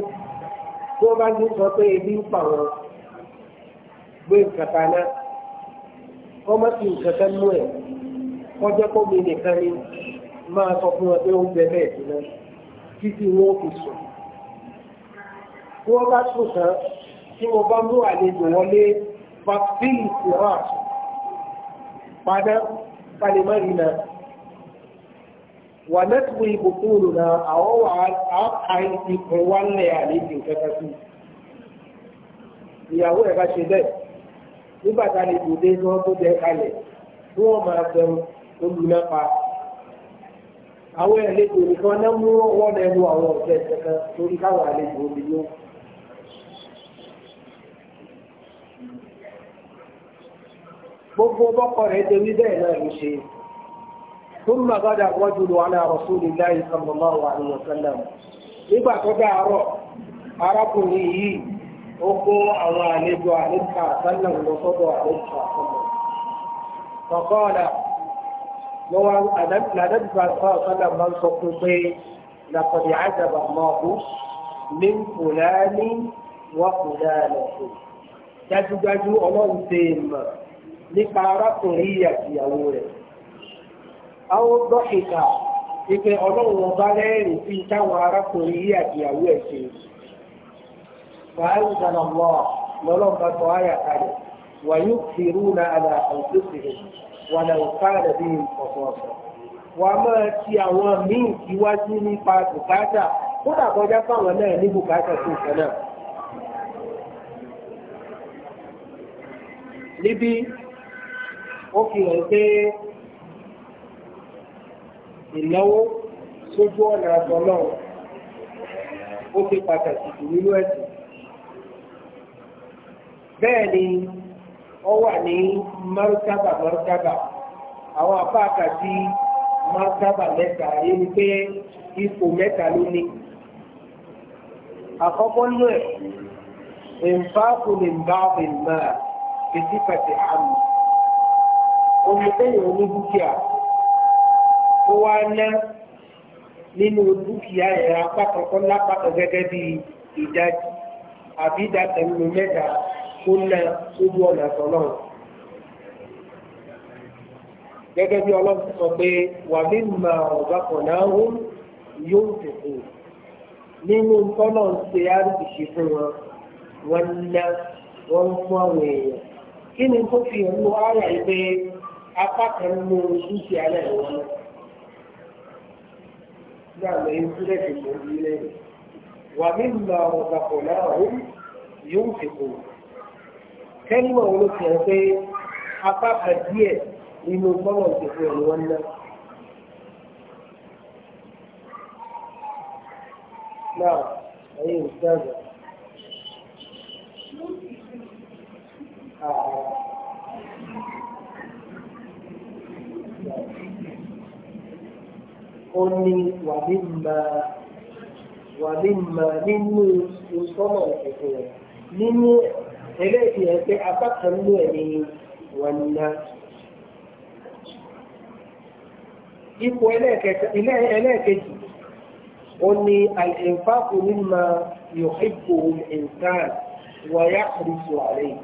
tó bá ní sọ pé ebi ń pa wọn gbé kàtà náà ọmọ ọ sí náà títí wọn fi sùn tí bá sùn tán tí mo bá mú àlejò wọlé vaccine iraq padà kalimárìnà wà lẹ́tùwé ìbùkúrù náà àwọn wà á ikùn wálẹ̀ àlejò kẹta sí ìyàwó ẹ̀ bá ṣe bẹ́ẹ̀ nígbà tá a lè dòde ní wọn tó jẹ kalẹ̀ tí wọ́n máa bẹ̀rù olùmẹ́pa àwọn àlejò nìkan náà mú wọn lẹ́nu àwọn ọ̀jẹ̀ kẹta lórí káwọn àlejò obìnrin gbogbo bọ́kọ̀ rẹ̀ ṣe wí bẹ́ẹ̀ náà ló ṣe ثم غدا الرجل على رسول الله صلى الله عليه وسلم nígbà tó dáàárọ̀ arákùnrin yìí ó kó àwọn àlejò àlejò àtàlà lọ sọ́dọ̀ àlejò àtàlà kọ̀kọ́ọ̀lá lọ́wọ́ àdájúbà sọ́ọ̀sọ́lá máa ń sọ fún pé làkọ̀dì àjàbà mọ́ọ̀kú ní fùlàní wọ́n fùlàní dájúdájú ọlọ́run ṣe é mọ̀ nípa arákùnrin yìí àti ìyàwó rẹ̀. àwọn dọ́kítà ìpè ọlọ́run ọba lẹ́rìn sí táwọn arákùnrin yìí ìyàwó ẹ̀ ṣe. wàhálà ìdáná mọ́ lọ́lọ́mọba sọ kalẹ̀ na àlà àǹtóṣìṣẹ́ wà náà káàdà bí máa ti àwọn míì síwájú nípa bùkátà fáwọn náà ní bùkátà tó náà. ó fi hàn pé ìnáwó sójú ọ̀nà àtọ̀ náà ó ṣe pàtàkì jù nínú ẹ̀sìn. bẹ́ẹ̀ ni ó wà ní márùtábà márùtábà àwọn apá àkàtì márùtábà mẹ́ta yé ni pé ipò mẹ́ta ló ní. àkọ́kọ́ nú ẹ̀ ìǹfààkù ní báàbì náà fi sípàtì àmì omi tẹ́yìn oní dúkìá ó wá ná nínú dúkìá ẹ̀ apákọ̀ọ́kọ́ lápapọ̀ gẹ́gẹ́ bí ìdájí àbí ìdájẹ́ nínú mẹ́ta ó ná sójú ọ̀nà àtọ̀nà. gẹ́gẹ́ bí ọlọ́run sọ pé wà mí mà ọ̀gá kan náà ó yóò tètè nínú tọ́nà ń ṣe àrùbìṣe fún wọn wọ́n ná wọ́n fún àwọn èèyàn kí ni tó fi hàn ní wàhálà yìí pé apá kan ló ṣíṣe alẹ́ ìwọ́n náà. Nígbà lè ń sílẹ̀ kìkò Wà mí ma ọ̀sàkọ̀ náà ó yóò fi kò. Kẹ́límọ̀ wo ló fi hàn pé apá kan díẹ̀ nínú bọ́lọ̀ ìṣèkò ìwọ́n náà. Náà, ẹ̀yin ìṣẹ́ àgbà. Ah, ah. ó ní wàmí mà nínú ìsọ́nà ìṣẹ̀kùn rẹ̀ nínú eléyìí ẹ̀ pé apá kan nínú ẹ̀ ní wàmínà. ipò ẹlẹ́ẹ̀kejì ó ní àìsèǹfààkù mímọ yòókù ìǹkan wọ̀yá àrísù àárẹ̀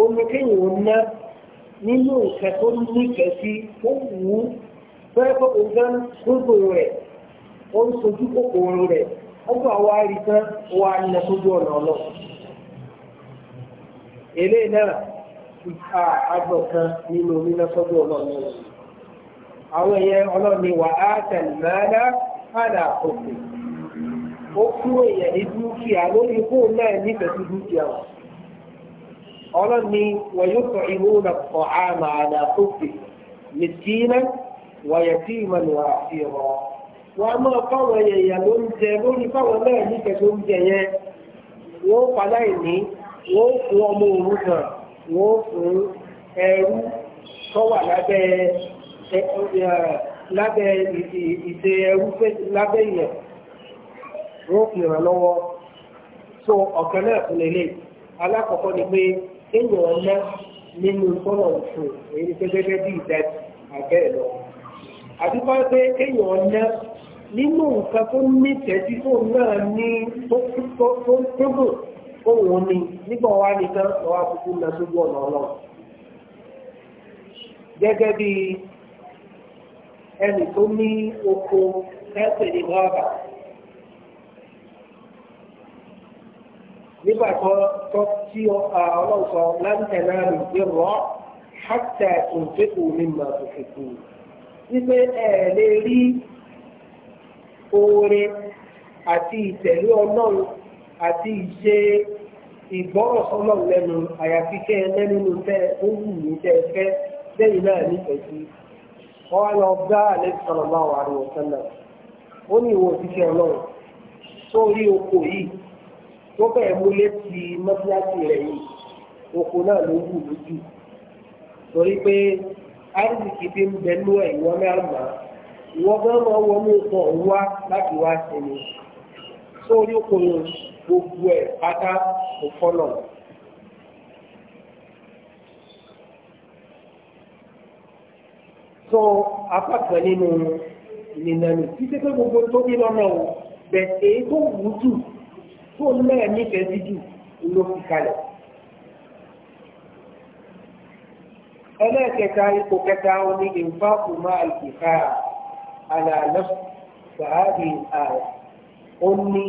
ó ní kéèyàn ná nínú ìkẹ́kọ̀ọ́ nífẹ̀ẹ́ sí tó wù ú. fẹ́ẹ́ pé òun gan gbogbo rẹ̀ ó ń sojú kòkòrò rẹ̀ wa rí tán wa ní ẹ̀sọ́jú ọ̀nà ọlọ́ èlé náà ìka àgbọ̀ kan nínú nínú ẹ̀sọ́jú ọ̀nà ọlọ́ àwọn èèyàn ọlọ́ni wà á tẹ̀lẹ́dá padà òkè ó kúrò èèyàn ní dúkìá lórí ikú náà nífẹ̀ẹ́ sí dúkìá wọn ọlọ́ni wọ̀nyí sọ ìlú kọ̀ wàyẹ̀tìmọ̀ ni wà á wọ́n á máa fáwọn èèyàn ló ń lórí fáwọn náà nífẹ̀ẹ́ tó ń yẹn wọ́n padà ìní wọ́n fún ọmọ òrukàn wọ́n fún ẹrú tó wà lábẹ́ lábẹ́ ìṣe ẹrú lábẹ́ ìyẹn wọ́n fi ràn lọ́wọ́ so ọ̀kan náà fún lélẹ̀ alákọ̀ọ́kọ́ ni pé kéèyàn ọ̀nà nínú tọ́lọ̀ òfin èyí ni pé gẹ́gẹ́ bí ìdájí àbẹ́ẹ̀ lọ́wọ́ àdúgbò pé kéèyàn ná nínú nǹkan tó nítẹ̀ẹ́ tí fóun náà ní tó gbòòrò òun ni nígbà wá nìkan lọ́wọ́ kúkú lọ sójú ọ̀nà ọlọ́run gẹ́gẹ́ bí ẹnì tó ní oko ẹ̀sẹ̀ ní rọ́bà nígbà tó tí ọlọ́run sọ láǹtẹ̀ náà lè rọ́ hátà tó ń fẹ́ kù wípé ẹ lè rí oore àti ìtẹ̀lé ọlọ́run àti ìṣe ìgbọ́rọ̀ sọ́lọ́run lẹ́nu àyàfi kẹ́ ẹ lẹ́nu tẹ́ ó wù ní tẹ́ ẹ fẹ́ lẹ́yìn náà nífẹ̀ẹ́ sí wọ́n lọ bá àlẹ́bí sallallahu alaihi wasallam ó ní ìwọ òṣìṣẹ́ ọlọ́run sórí oko yìí tó bẹ́ẹ̀ múlé ti mọ́tíláṣí rẹ̀ yìí oko náà ló wù lójú torí pé arziki ti ń bẹ lú ẹ̀ ìwọ náà mà ìwọ gan máa wọnú ìtàn wá láti wá sinmi sórí okòrò gbogbo ẹ̀ pátá òfọ́nà. sọ apá kan nínú ìnìyànjú títí pé gbogbo tó ní lọ́nà o bẹ̀ èyí tó wù ú jù tó náà nífẹ̀ẹ́ sí jù ló fi kalẹ̀. ẹlẹ́ẹ̀kẹta ipò kẹta ó ní ìfáàkù máa ìfà àlàálọ́ sàáàbì ààrẹ ó ní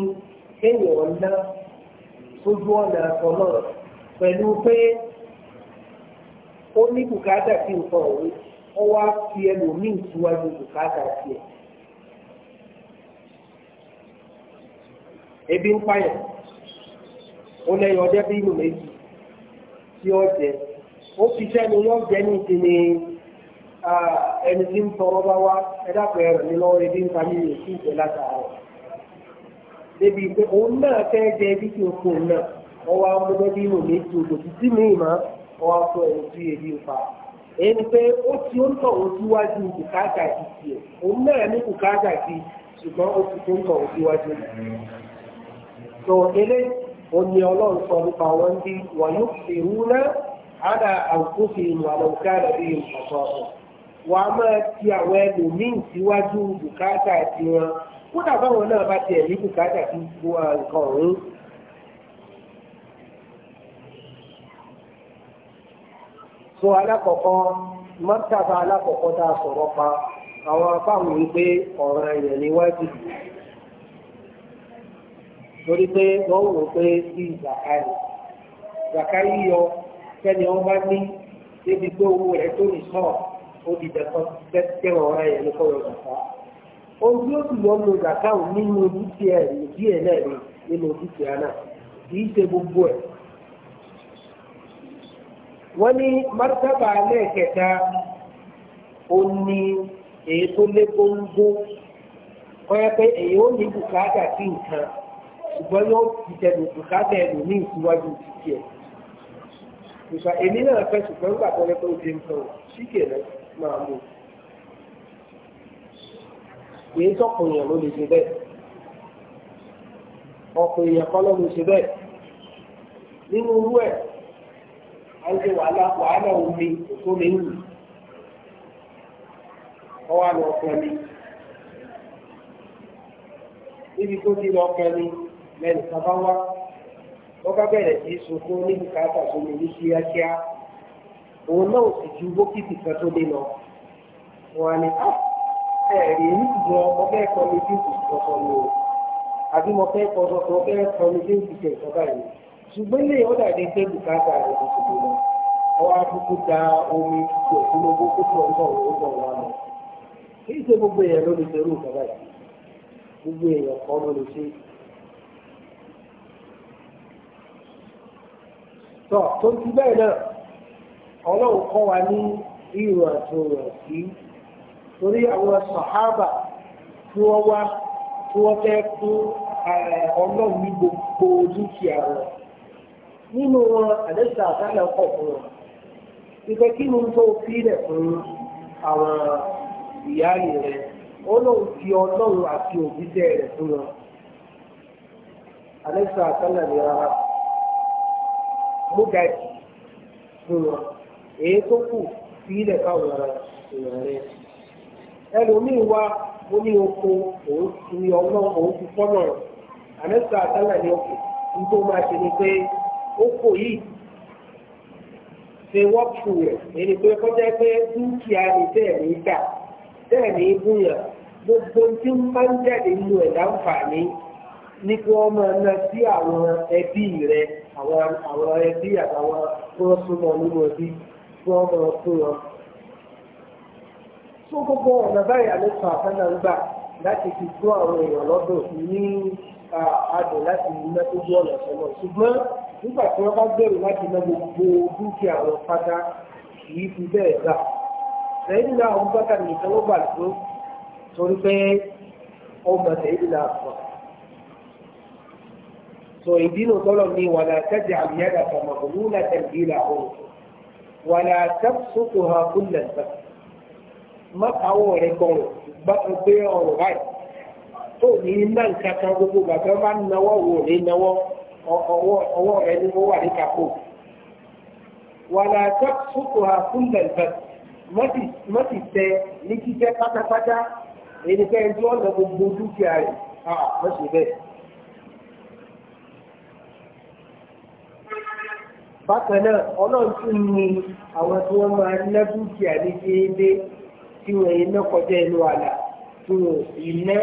kéèyàn ọ̀nà sójú ọ̀nà ọ̀nà pẹ̀lú pé ó ní bùkátà sí nǹkan òwe ó wá fi ẹlòmíì síwájú bùkátà sí ẹ. ebi ń pààyàn ó lẹ́yìn ọjọ́ bí ìlú méjì tí ó jẹ ó fi sẹ́ni yóò jẹ́ ní ìsinmi ẹni tí ń tọrọ bá wá ẹ̀dá pẹ̀ rẹ̀ ní lọ́wọ́ ebi ń ta ní ìyẹn sí ìjẹ́ látàárọ̀. débi pé òun náà fẹ́ jẹ ibi tí o kùn náà ọwọ́ amúnẹ́bí nù méjì òkòtì sí mi ìmọ̀ ọwọ́ akọ ẹni tí ebi ń pa ẹni pé ó ti ó ń tọ̀ ó síwájú bùkátà ti tiẹ̀ òun náà ní bùkátà ti ṣùgbọ́n ó ti tó ń tọ̀ ó síwájú. tó ilé òní ọlọ́run sọ nípa wọn bí wàyó fèrú náà على أنفسهم ولو كان بهم خصاصة wọ́n a máa ti àwọn ẹlòmíì síwájú bùkátà tiwọn kódà báwọn náà bá tiẹ̀ ní bùkátà tí wọ́n nǹkan ọ̀hún. so alákọ̀ọ́kọ́ mọ́tàbà alákọ̀ọ́kọ́ tá a sọ̀rọ̀ pa àwọn afáwọn wípé ọ̀ràn èèyàn ni wọ́n ti dùn torí pé wọ́n wò pé bí zakari zakari yọ sẹ́ni wọ́n bá ní débi pé owó rẹ̀ tó ní sọ́ọ̀ ó di dẹ̀kọ́ tẹ́wọ̀ ọ̀rá yẹn ló kọ́yọ̀ zàká. Ojú òsì lọ lo zàká ò nínú dúkìá ẹ̀ ní díẹ̀ náà ni nínú dúkìá náà kì í ṣe gbogbo ẹ̀. Wọ́n ní márùkábà lẹ́ẹ̀kẹta ó ní èyí tó lé gbóngbó kọ́yá pé èyí ó ní bùkátà sí nǹkan ṣùgbọ́n yóò ti tẹ̀lé bùkátà ẹ̀ lò ní ìsíwájú títí ẹ̀ ìṣà èmi náà fẹ́ ṣùgbọ́n nígbà tó lẹ́pẹ́ òde nǹkan ò sí kèrè máa mú èyí tọkùn èèyàn ló lè ṣe bẹ́ẹ̀ ọkùn èèyàn kan ló lè ṣe bẹ́ẹ̀ nínú irú ẹ̀ à ń ṣe wàhálà wàhálà omi tó lè wù ọwọ́ àlọ́ ọkàn mi níbi tó ti lọ ọkàn mi lẹ́nu sábà wá. wọ́n bá bẹ̀rẹ̀ sí sunkún ní bùkátà tó lè ní kíákíá òun náà sì ju bókìtì kan tó lé lọ wọn á ní á ẹ̀rí kọ́ mi bí kò ni o àbí mo fẹ́ kọ́ sọ̀tọ̀ mo fẹ́ kọ́ mi bí kò báyìí ṣùgbọ́n ọ̀dà ní pé rẹ̀ kò lọ ọwọ́ da tọ́ tó ti bẹ́ẹ̀ náà ọlọ́run kọ́ wa ní ìrò àti òrò sí torí àwọn sàhábà tí wọ́n wá tí wọ́n fẹ́ fún eh, ọlọ́run ní gbogbo dúkìá wọn nínú wọn àdéṣà àtàlẹ̀ ọkọ̀ fún wọn ìfẹ́ kí ni tó fi rẹ̀ fún àwọn ìyáàyè rẹ̀ ó lóun fi ọlọ́run àti òbí tẹ̀ rẹ̀ fún wọn àdéṣà àtàlẹ̀ ní rárá. mú ga jù fún wọn èyí tó kù sí ilẹ̀ káwọn èèyàn rẹ ẹlòmíín wá ó ní oko òun ti ọlọ́ òun ti fọ́nà rẹ̀ àmẹ́sà àtàlà ní oko ní tó máa ṣe ni pé oko yìí ṣe wọ́pù rẹ̀ èyí pé kọjá pé gbogbo tí ń bá ń jáde nínú ní kí wọ́n máa ná sí àwọn ẹbí àtàwọn tó wọ́n súnmọ́ nínú ẹbí tí wọ́n mọ̀ fún wọn. tó gbogbo ọ̀nà báyìí àlejò àtàlà ń gbà láti fi tó àwọn èèyàn lọ́dọ̀ ní adùn láti iná tó gbọ́ ọ̀nà sọ́nà ṣùgbọ́n nígbà tí wọ́n bá gbèrò láti ná gbogbo dúkìá wọn pátá kì fi bẹ́ẹ̀ gbà. lẹ́yìn náà àwọn bákàtà nìkan ló tó torí pé ọmọ tẹ̀yìn náà pọ̀ so ìdínú tọ́lọ̀ ní wàlá tẹ́jà àmìyàdà tọmọ̀gbọ̀nú láti ìlà òun wàlá tẹ́sùtù ha kúlẹ̀ sẹ́ má káwọ́ rẹ̀ kọrọ̀ bá tó gbé ọ̀rọ̀ báyìí tó ní iná nǹkan kan gbogbo bàbá bá náwó wò ní náwó ọwọ́ rẹ̀ ní wọ́n wà ní kàkó wàlá tẹ́sùtù ha kúlẹ̀ sẹ́ má sì tẹ ní jíjẹ pátápátá ènìkẹ́ ẹjọ́ ọ̀nà gbogbo dúkìá rẹ̀ ah, má sì bẹ́ẹ̀. bákan náà ọlọ́run tún ní àwọn tí wọ́n máa ná dúkìá ní déédéé tí wọ́n yẹn ná kọjá inú àlà tí wọ́n sì ná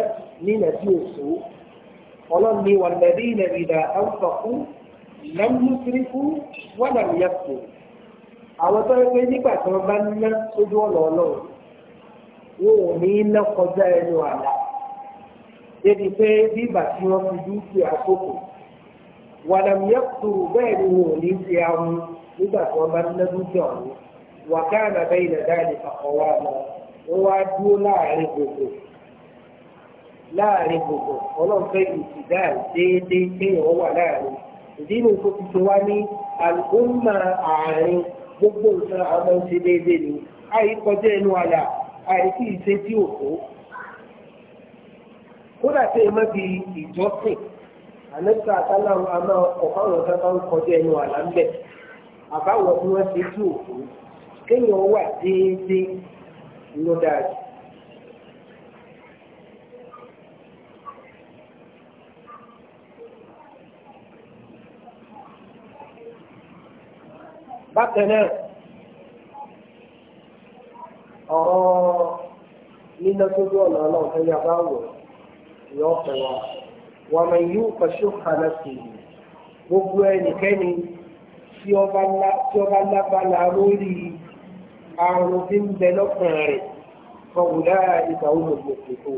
nínà tí ò só ọlọ́run ní wàlẹ́rí ilẹ̀ ìdá àwùfàkú lẹ́mùsírífù wọ́nà ìyàpò àwọn tó ń pè nígbà tí wọ́n bá ná sójú ọ̀nà ọlọ́run wọn ò ní ná kọjá inú àlà débi pé bí tí wọ́n fi dúkìá sókòó wàlàm yẹ́kùtùrù bẹ́ẹ̀ ni wọn ò ní ṣe ahun nígbà tí wọ́n bá ń lẹ́dún jọ ọ̀hún wà káàna bẹ́ẹ̀ nà dáàlì àkọ́wá lọ wọ́n wá dúró láàrin gbogbo láàrin gbogbo ọlọ́ọ̀fẹ́ ìtìdá déédéé kéèyàn wà láàrin ìdí ni kò ti ti wá ní àlùkùnmà àárín gbogbo nǹkan ọmọ ń ṣe déédéé ni àìkọjá ẹnu àlà àìsí ìṣe tí òkú kódà tẹ́ ẹ má fi ìjọsìn àlẹ́kà àtàlà a máa kọ̀ fáwọn bá ń kọjá ẹnu àlá ń àbáwọ̀ tí wọ́n ṣe tú òkú kéèyàn wà déédéé ló ومن يوق شح نفسه gbogbo ẹnikẹ́ni tí ọba lábala lórí àrùn tí ń bẹ lọ́kàn rẹ̀ fọwùdá ìgbà òun ògbòkòkò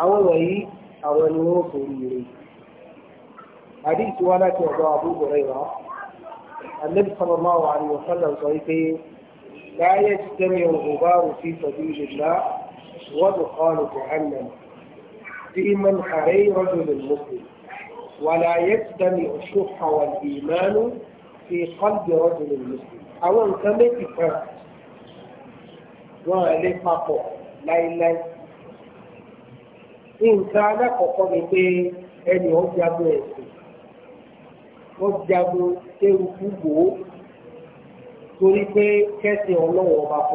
àwọn wọ̀nyí àwọn ni wọ́n kò rí rẹ̀. àdìsí wa láti ọ̀dọ̀ àbúrò rẹ̀ wá النبي صلى الله عليه وسلم صحيح لا يجتمع الغبار في سبيل الله ودخان جهنم في منحري رجل مسلم ولا يجتمع الشح والإيمان في قلب رجل مسلم àwọn nǹkan méjì kan wọn lè papọ̀ láíláí nǹkan alákọ̀ọ́kọ́ ni pé ẹnì ó jagun ẹ̀sìn ó jagun eruku gbòó torí pé kẹ́sìn ọlọ́wọ́ ọba kó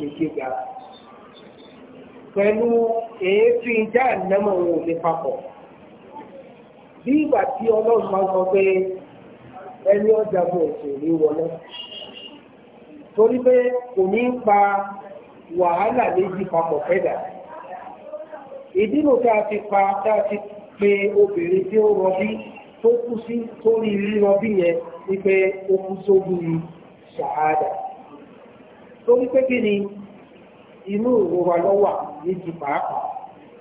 lè gbéga. pẹ̀lú èéfín jáànámọ̀ wọn ò papọ̀. Bí ìgbà tí ọlọ́run máa sọ pé ẹni ọjà wọlé. Torí pé kò ní pa wàhálà méjì papọ̀ fẹ́dà. Ìdínú tá a ti pa tá a ti pe obìnrin tí ó rọbí tó kú sí rírọbí yẹn ni inú ìrora lọ́wọ́ méjì pàápàá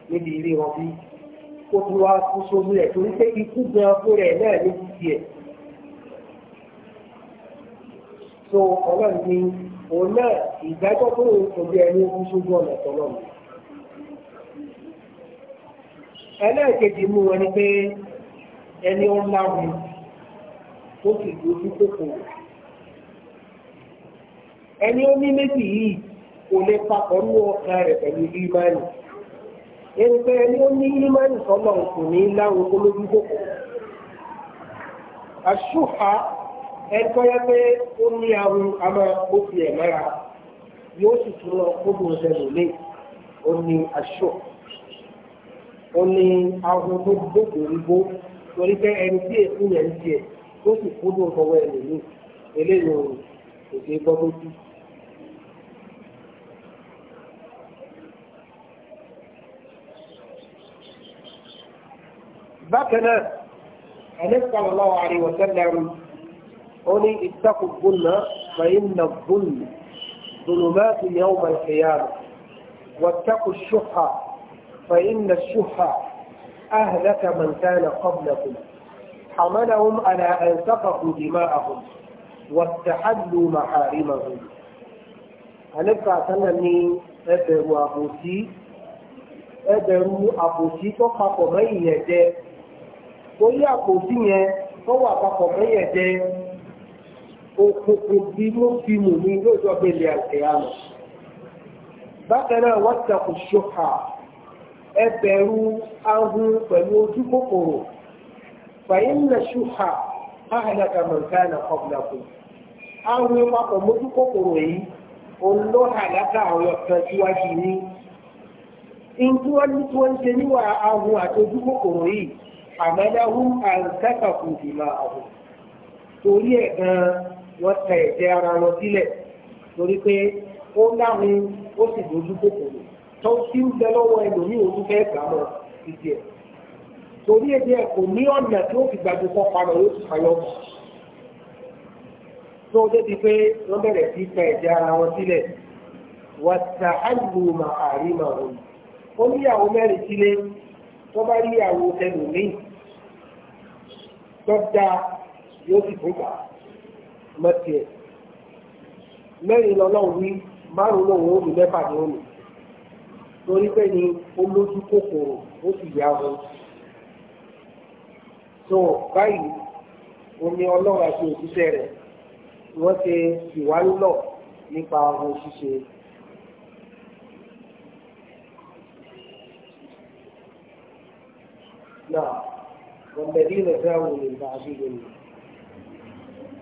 níbi ilé wọn bí kó tó wá kú sórí rẹ̀ torí pé ikú gan fún rẹ̀ náà ní ti ẹ̀. so ọlọ́run ní òun náà ìdájọ́ tó ń tọ́jú ẹni kú sójú ọ̀nà tọ́lọ́run. ẹlẹ́ẹ̀kejì mú wọn ni pé ẹni ó ń láwùú ó sì dojú kòkòrò ẹni ó ní méjì yìí kò lè papọ̀ ní ọkàn rẹ̀ pẹ̀lú ìmánì. Ẹnpẹ́ ni ó ní ìmánì sọ́nà kò ní láwọn olójú kòkò. Àṣùfà ẹ̀kọ́ yẹ pé ó ní ahun a máa kó fi yóò sì tún lọ lé. gbogbo rígbó torí pé ẹni tí èkú yẹn ń sì أثبتنا النبي صلى الله عليه وسلم أني اتقوا الظلم فإن الظلم ظلمات يوم القيامة واتقوا الشحة فإن الشحة أهلك من كان قبلكم حملهم على أن سقطوا دماءهم واستحلوا محارمهم النبي صلى الله عليه وسلم أبو سي أبو سي فقط من يده torí àpòsí yẹn tó wà papọ̀ mẹ́yẹ̀ jẹ́ òkùnkùn bí ló fi mù ní lóòjọ́ gbélé àlùkìyàmù. bákan náà wọ́n ti kò ṣọ́kà ẹ ahun pẹ̀lú ojú kòkòrò fàyín nà ṣùkà áhàdàkà mọ̀ǹkà nà kọ̀bùnàkù. ahun papọ̀ mojú kòkòrò yìí olóhà látà àwọn kan síwájú ní. ìtúwọ́n tí wọ́n ń ṣe níwà ahun àti ojú kòkòrò yìí àmọ́dáhùn àǹtẹ́kàkùn ìmọ̀ àwọn torí ẹ̀ gan wọ́n tẹ ẹ̀jẹ̀ ara wọn sílẹ̀ torí pé ó láwọn ó sì dojú kòkòrò tó sí ń bẹ lọ́wọ́ ẹlòmíì ojú fẹ́ gbà mọ́ títí ẹ̀ torí ẹ̀jẹ̀ ẹ̀ kò ní ọ̀nà tí ó fi gbàgbé kọ́ parọ́ yóò ti fayọ́ bọ̀ tó débi pé wọ́n bẹ̀rẹ̀ sí tẹ ẹ̀jẹ̀ ara wọn sílẹ̀ wọ́n ta àlù màkàrí màrún ó níyàwó mẹ́rin sílé tó bá rí ìyàwó ẹlòmíì tọ́jà yóò sì tó gbà mọ́tì ẹ̀ mẹ́rin lọ́lọ́run wí márùn lòun ó ní mẹ́fà ní òní torí pé ni ó lójú kòkòrò ó sì yá wọn so báyìí omi ọlọ́run àti òṣìṣẹ́ rẹ̀ wọ́n ṣe ìwálò nípa ohun ṣíṣe. Now. والذين جاءوا من بعدهم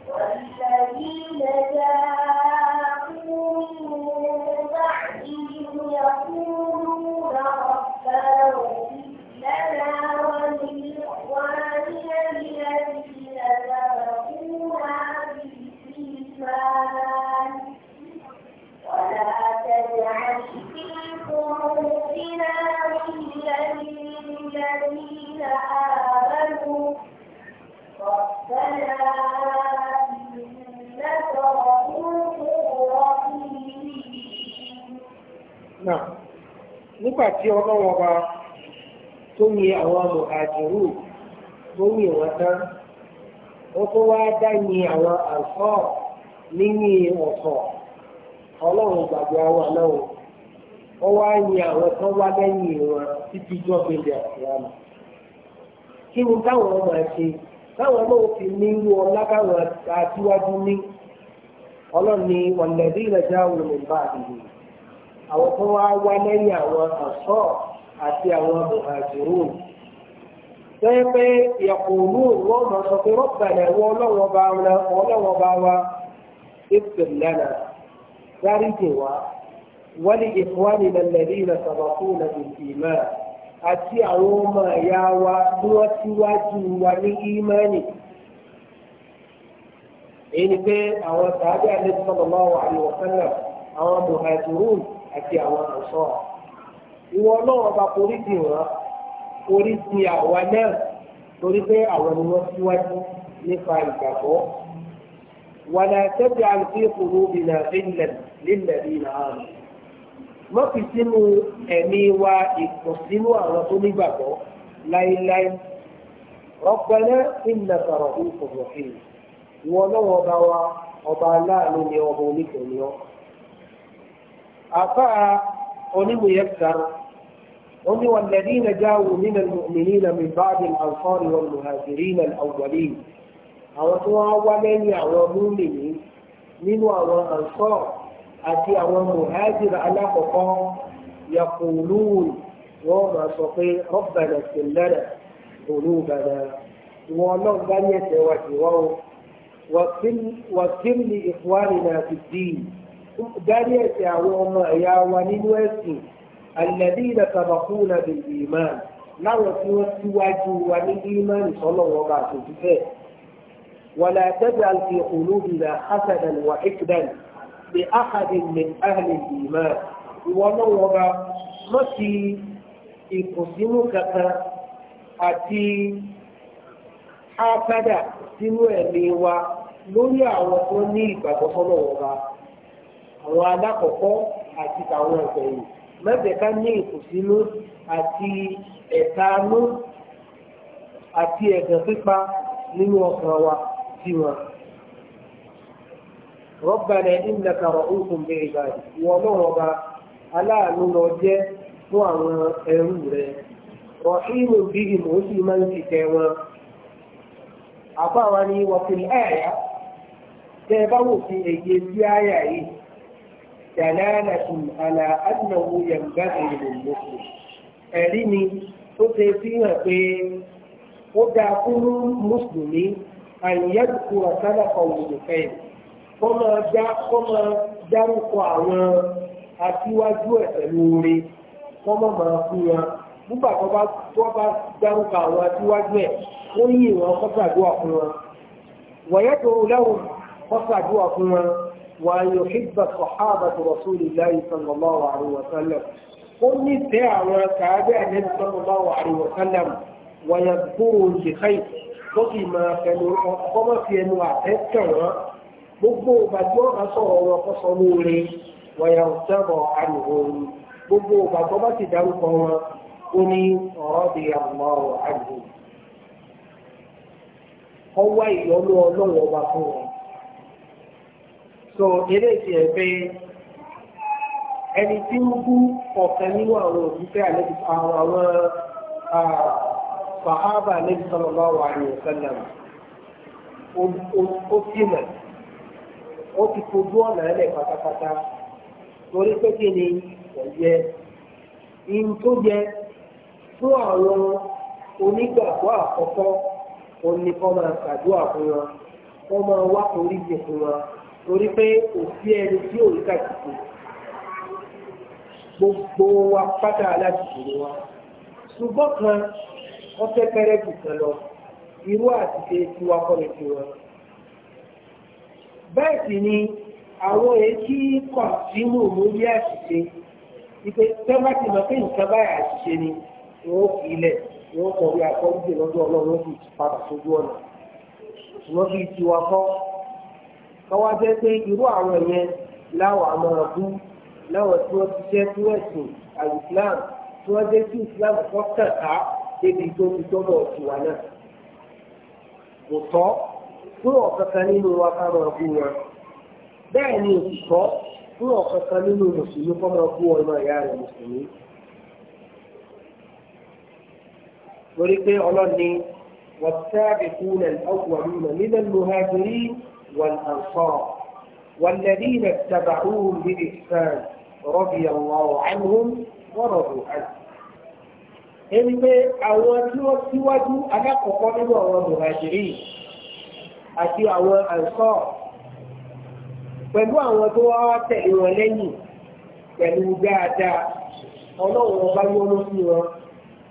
والذين جاءوا من بعدهم يقولون ربنا لنا ولإخواننا الذين سبقونا بالإيمان ولا تجعل في قلوبنا غلا للذين na nígbàtí ọlọ́wọ́ bá tó yẹ àwọn mùhàjírù tó tán ó tó wá dá àwọn ọ̀sọ̀ ọlọ́run gbàgbé àwọn ó wá àwọn wá lẹ́yìn wọn títí àti kí ni táwọn ọmọ ẹ̀ ṣe táwọn ọmọ òfin ní irú ọlá káwọn àtiwájú ní ọlọ́ni wàlẹ́dí ìrẹ̀jà òmìnira àdìyẹ àwọn tó wá wá lẹ́yìn àwọn àṣọ àti àwọn mùhàjìrún sẹ́yìn pé yàkùnú wọ́n mọ̀ sọ pé rọ́bàlẹ̀ wọ ọlọ́wọ́ bá wa ìpìlẹ̀nà dáríjì wa wọ́n ní ìfúwánilẹ̀ lẹ́yìn ìrẹ̀sọ̀rọ̀ fún ìlẹ̀ ìgbìmọ̀ àti àwọn ọmọ ẹ̀yà wa tí wọ́n síwájú wa ní ímánì èyí ni pé àwọn sàábẹ́ àlejò sallallahu alaihi wa sallam àwọn muhajirun àti àwọn ọ̀ṣọ́ ìwọ náà bá forí di wọn forí di àwa náà torí pé àwọn ni wọ́n síwájú nípa ìgbàgbọ́ wala taj'al fi qulubina ghillan lil ladina amanu wọ́n fi sínú ẹ̀mí wa ìkùnsínú àwọn tó nígbàgbọ́ láéláé Rabbana innaka ra'ufur rahim ìwọ náà ọba wa ọba aláàánú ni ọmọ oníkùnrin ni ọ. àfa onímùyẹ́sàrò قل والذين جاءوا من المؤمنين من بعد الأنصار والمهاجرين الأولين أو توا ولن يعلمون منه من أنصار àti àwọn mùhájìrì alákọ̀ọ́kọ́ yàkùlù wọ́n máa sọ pé rọ́bàdà sí lẹ́rẹ̀ òru bàdà wọn náà bá ní ẹsẹ̀ wà sí wọ́n wà kíni ní ìfúwárì náà ti dì í dárí ẹsẹ̀ àwọn ọmọ ẹ̀yà wa nínú ẹ̀sìn alẹ́bí ilẹ̀ tàbàkú náà bèbè ìmáà láwọn tí wọ́n síwájú wa ní ìmáàlì sọ́nà wọn bá àtòjú fẹ́ wàlá àtẹ́gbẹ́ àti òlóbìnrin àhásàdàn wà ẹ̀kídàn بأحد من أهل الإيمان ولو ما في ìkùnsínú kankan ati ápádà sínú ẹ̀mí wa lórí àwọn tó ní ìgbàgbọ́ fọlọ́wọ́ wa àwọn alákọ̀ọ́kọ́ àti àwọn ẹ̀gbẹ̀yìn mẹ́tẹ̀ẹ̀ká ní wa rọ́bàlẹ̀ ìnàkàrọ̀ òkun bẹ̀rẹ̀ ìbàdí ìwọ náà ọba aláàánú lọ jẹ́ fún àwọn ẹrú rẹ̀ rọ̀ṣíìmù bíi mò ń sì máa ń ti tẹ wọn. àbáwa ni wọ́pìn ẹ̀yà tẹ́ ẹ bá wò sí èyí sí àyà yìí dàlálàtù àlà àdìnàwó yàgbá ìrìnà lókè. ẹ̀rí ni ó ṣe fi hàn pé ó dáa fún mùsùlùmí àyẹ̀dùkú ọ̀sán àkọ̀wé nìkan kọ́ máa dárúkọ àwọn aṣíwájú ẹ̀ pẹ̀lú oore kọ́ máa máa fún wọn nígbà tó bá dárúkọ àwọn aṣíwájú ẹ̀ ó yìn wọn kó fún wọn wọ̀nyẹ́ tó lẹ́wọ̀n kó fún wọn وأن يحب الصحابة رسول الله صلى الله عليه وسلم قل نتاع وتابع النبي صلى الله عليه وسلم ويذكرهم بخير قل ما كانوا قم في أنواع تذكرة gbogbo ìgbà tí wọ́n bá sọ̀rọ̀ wọn kọ́ sọ lóore wọ̀nyà òtẹ́rọ̀ àlùhòrò gbogbo ìgbà tó bá ti dárúkọ wọn ó ní ọ̀rọ̀ di àmọ́ àlùhò ọwọ́ ìyọ́nú ọlọ́run ọba fún wọn. sọ eré ti ẹ̀ pé ẹni tí ń kú ọ̀kan nínú àwọn òṣìṣẹ́ àwọn sàhábà lẹ́yìn sọ́lọ́lá wà ní ọ̀sẹ̀ náà ó ó ti fojú ọ̀nà ẹ̀lẹ̀ pátápátá torí pé kí ni kò yẹ ihun tó yẹ fún àwọn onígbàgbọ́ àkọ́kọ́ òní kọ́ máa ṣàdúrà fún wọn wọ́n máa wá torí jẹ fún wọn torí pé kò sí ẹni tí ò rí kàkìkì gbogbo wa pátá aláṣìṣe ni wa ṣùgbọ́n kan wọ́n fẹ́ pẹ́rẹ́ jù kan lọ irú àtìṣe tiwa kọ́ni tiwọn. bẹ́ẹ̀ sì ni àwọn èyí kọ̀ sínú lórí àṣìṣe wípé tẹ́ bá ni wọ́n fi ilẹ̀ wọ́n kọ̀ wí àkọ́júdé lọ́dọ̀ ọlọ́run wọ́n fi padà sójú ọ̀nà wọ́n fi tiwa kọ́ kọ́wá jẹ́ pé irú àwọn ẹ̀yẹn láwọn láwọn tí wọ́n ti jẹ́ tí wọ́n jẹ́ tí ìsìlámù kọ́ débi tó tọ́lọ̀ fún ọ̀kankan nínú wa ká máa bú wọn bẹ́ẹ̀ ni òṣìṣọ́ fún ọ̀kankan nínú mùsùlùmí kọ́ máa bú ọmọ ìyá rẹ̀ mùsùlùmí. torí pé ọlọ́ni والسابقون الأولون من المهاجرين والأنصار والذين اتبعوهم بإحسان رضي الله عنهم ورضوا عنه ẹni pé àwọn tí wọ́n síwájú alákọ̀ọ́kọ́ nínú àwọn mùhàjírí àti àwọn àǹsọ́ pẹ̀lú àwọn tó wá tẹ̀lé wọn lẹ́yìn pẹ̀lú dáadáa ọlọ́run ọba yọ́nú sí wọn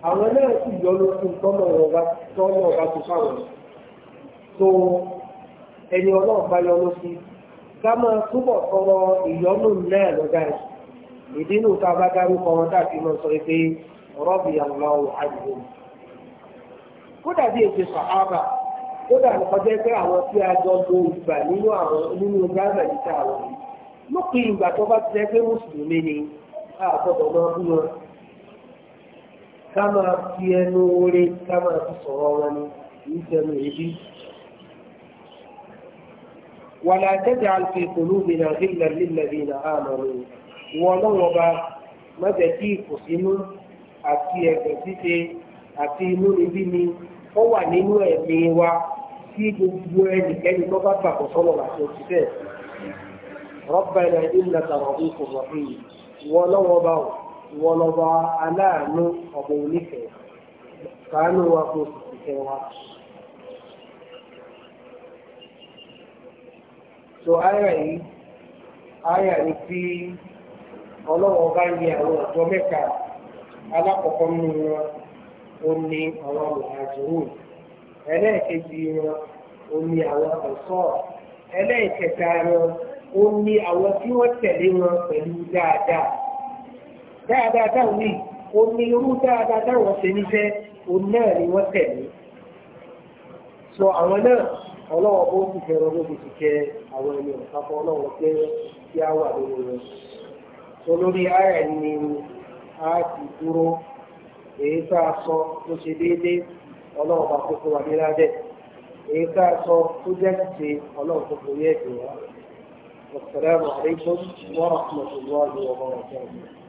àwọn náà sì yọ́nú sí tọ́nà ọba tọ́nà ọba tó fáwọn tó ẹni ọlọ́run ọba yọ́nú sí ká máa túbọ̀ sọ̀rọ̀ ìyọ́nú náà lọ́gà yìí ìdínú tá a bá dárúkọ wọn sọ kódà ọjọ́ pé àwọn tí a jọ lo ìgbà nínú àwọn nínú gáàsà yìí tá àwọn yìí lópin ìgbà tó bá ti jẹ́ pé mùsùlùmí ni a gbọ́dọ̀ máa bú wọn ká máa fi ẹnu oore ká máa fi sọ̀rọ̀ wọn ni kìí sẹ́nu èébí. wàlá àtẹ́jà àti qulubina ghillan lil ladina amanu wọn lọ́wọ́ bá má kí ìkùsínú àti ẹ̀gbẹ́ ṣíṣe àti inú níbí ni ó wà nínú ẹ̀mí wa. sí gbogbo ẹnikẹ́ni tó bá gbàgbọ́ sọ́lọ̀ àti òṣìṣẹ́ Rabbana innaka ra'ufur rahim wọ́n lọ́wọ́ bá wọ́n lọ́wọ́ aláàánú ọ̀bọ̀ onífẹ̀ẹ́ kàánú wa kò sì ṣiṣẹ́ wa. so ara yìí ara yìí tí ọlọ́wọ́ bá yẹ àwọn ọ̀dọ́ mẹ́ta alákọ̀ọ́kọ́ nínú wọn ó ẹlẹ́ẹ̀kejì wọn ó ní àwọn ọ̀ṣọ́ ẹlẹ́ẹ̀kẹta wọn ó ní àwọn tí wọ́n tẹ̀lé wọn pẹ̀lú dáadáa dáadáa táwọn ní ó ní irú dáadáa táwọn ṣe níṣẹ́ òun náà ni wọ́n tẹ̀lé sọ àwọn náà ọlọ́wọ́ bó ti fẹ́ràn ló ti kẹ àwọn ẹni ọ̀sáfọ́ ọlọ́wọ́ pé kí á wà lórí rẹ̀. olórí ara ni a ti dúró èyí tá a sọ ló ṣe déédéé ọlọ́run bá kókó wa nílá dẹ̀ èyí ká sọ tó jẹ́ ṣe ọlọ́run kókó yẹ ẹ̀dùn wa. Assalamu alaikum wa rahmatullahi wa barakatuh.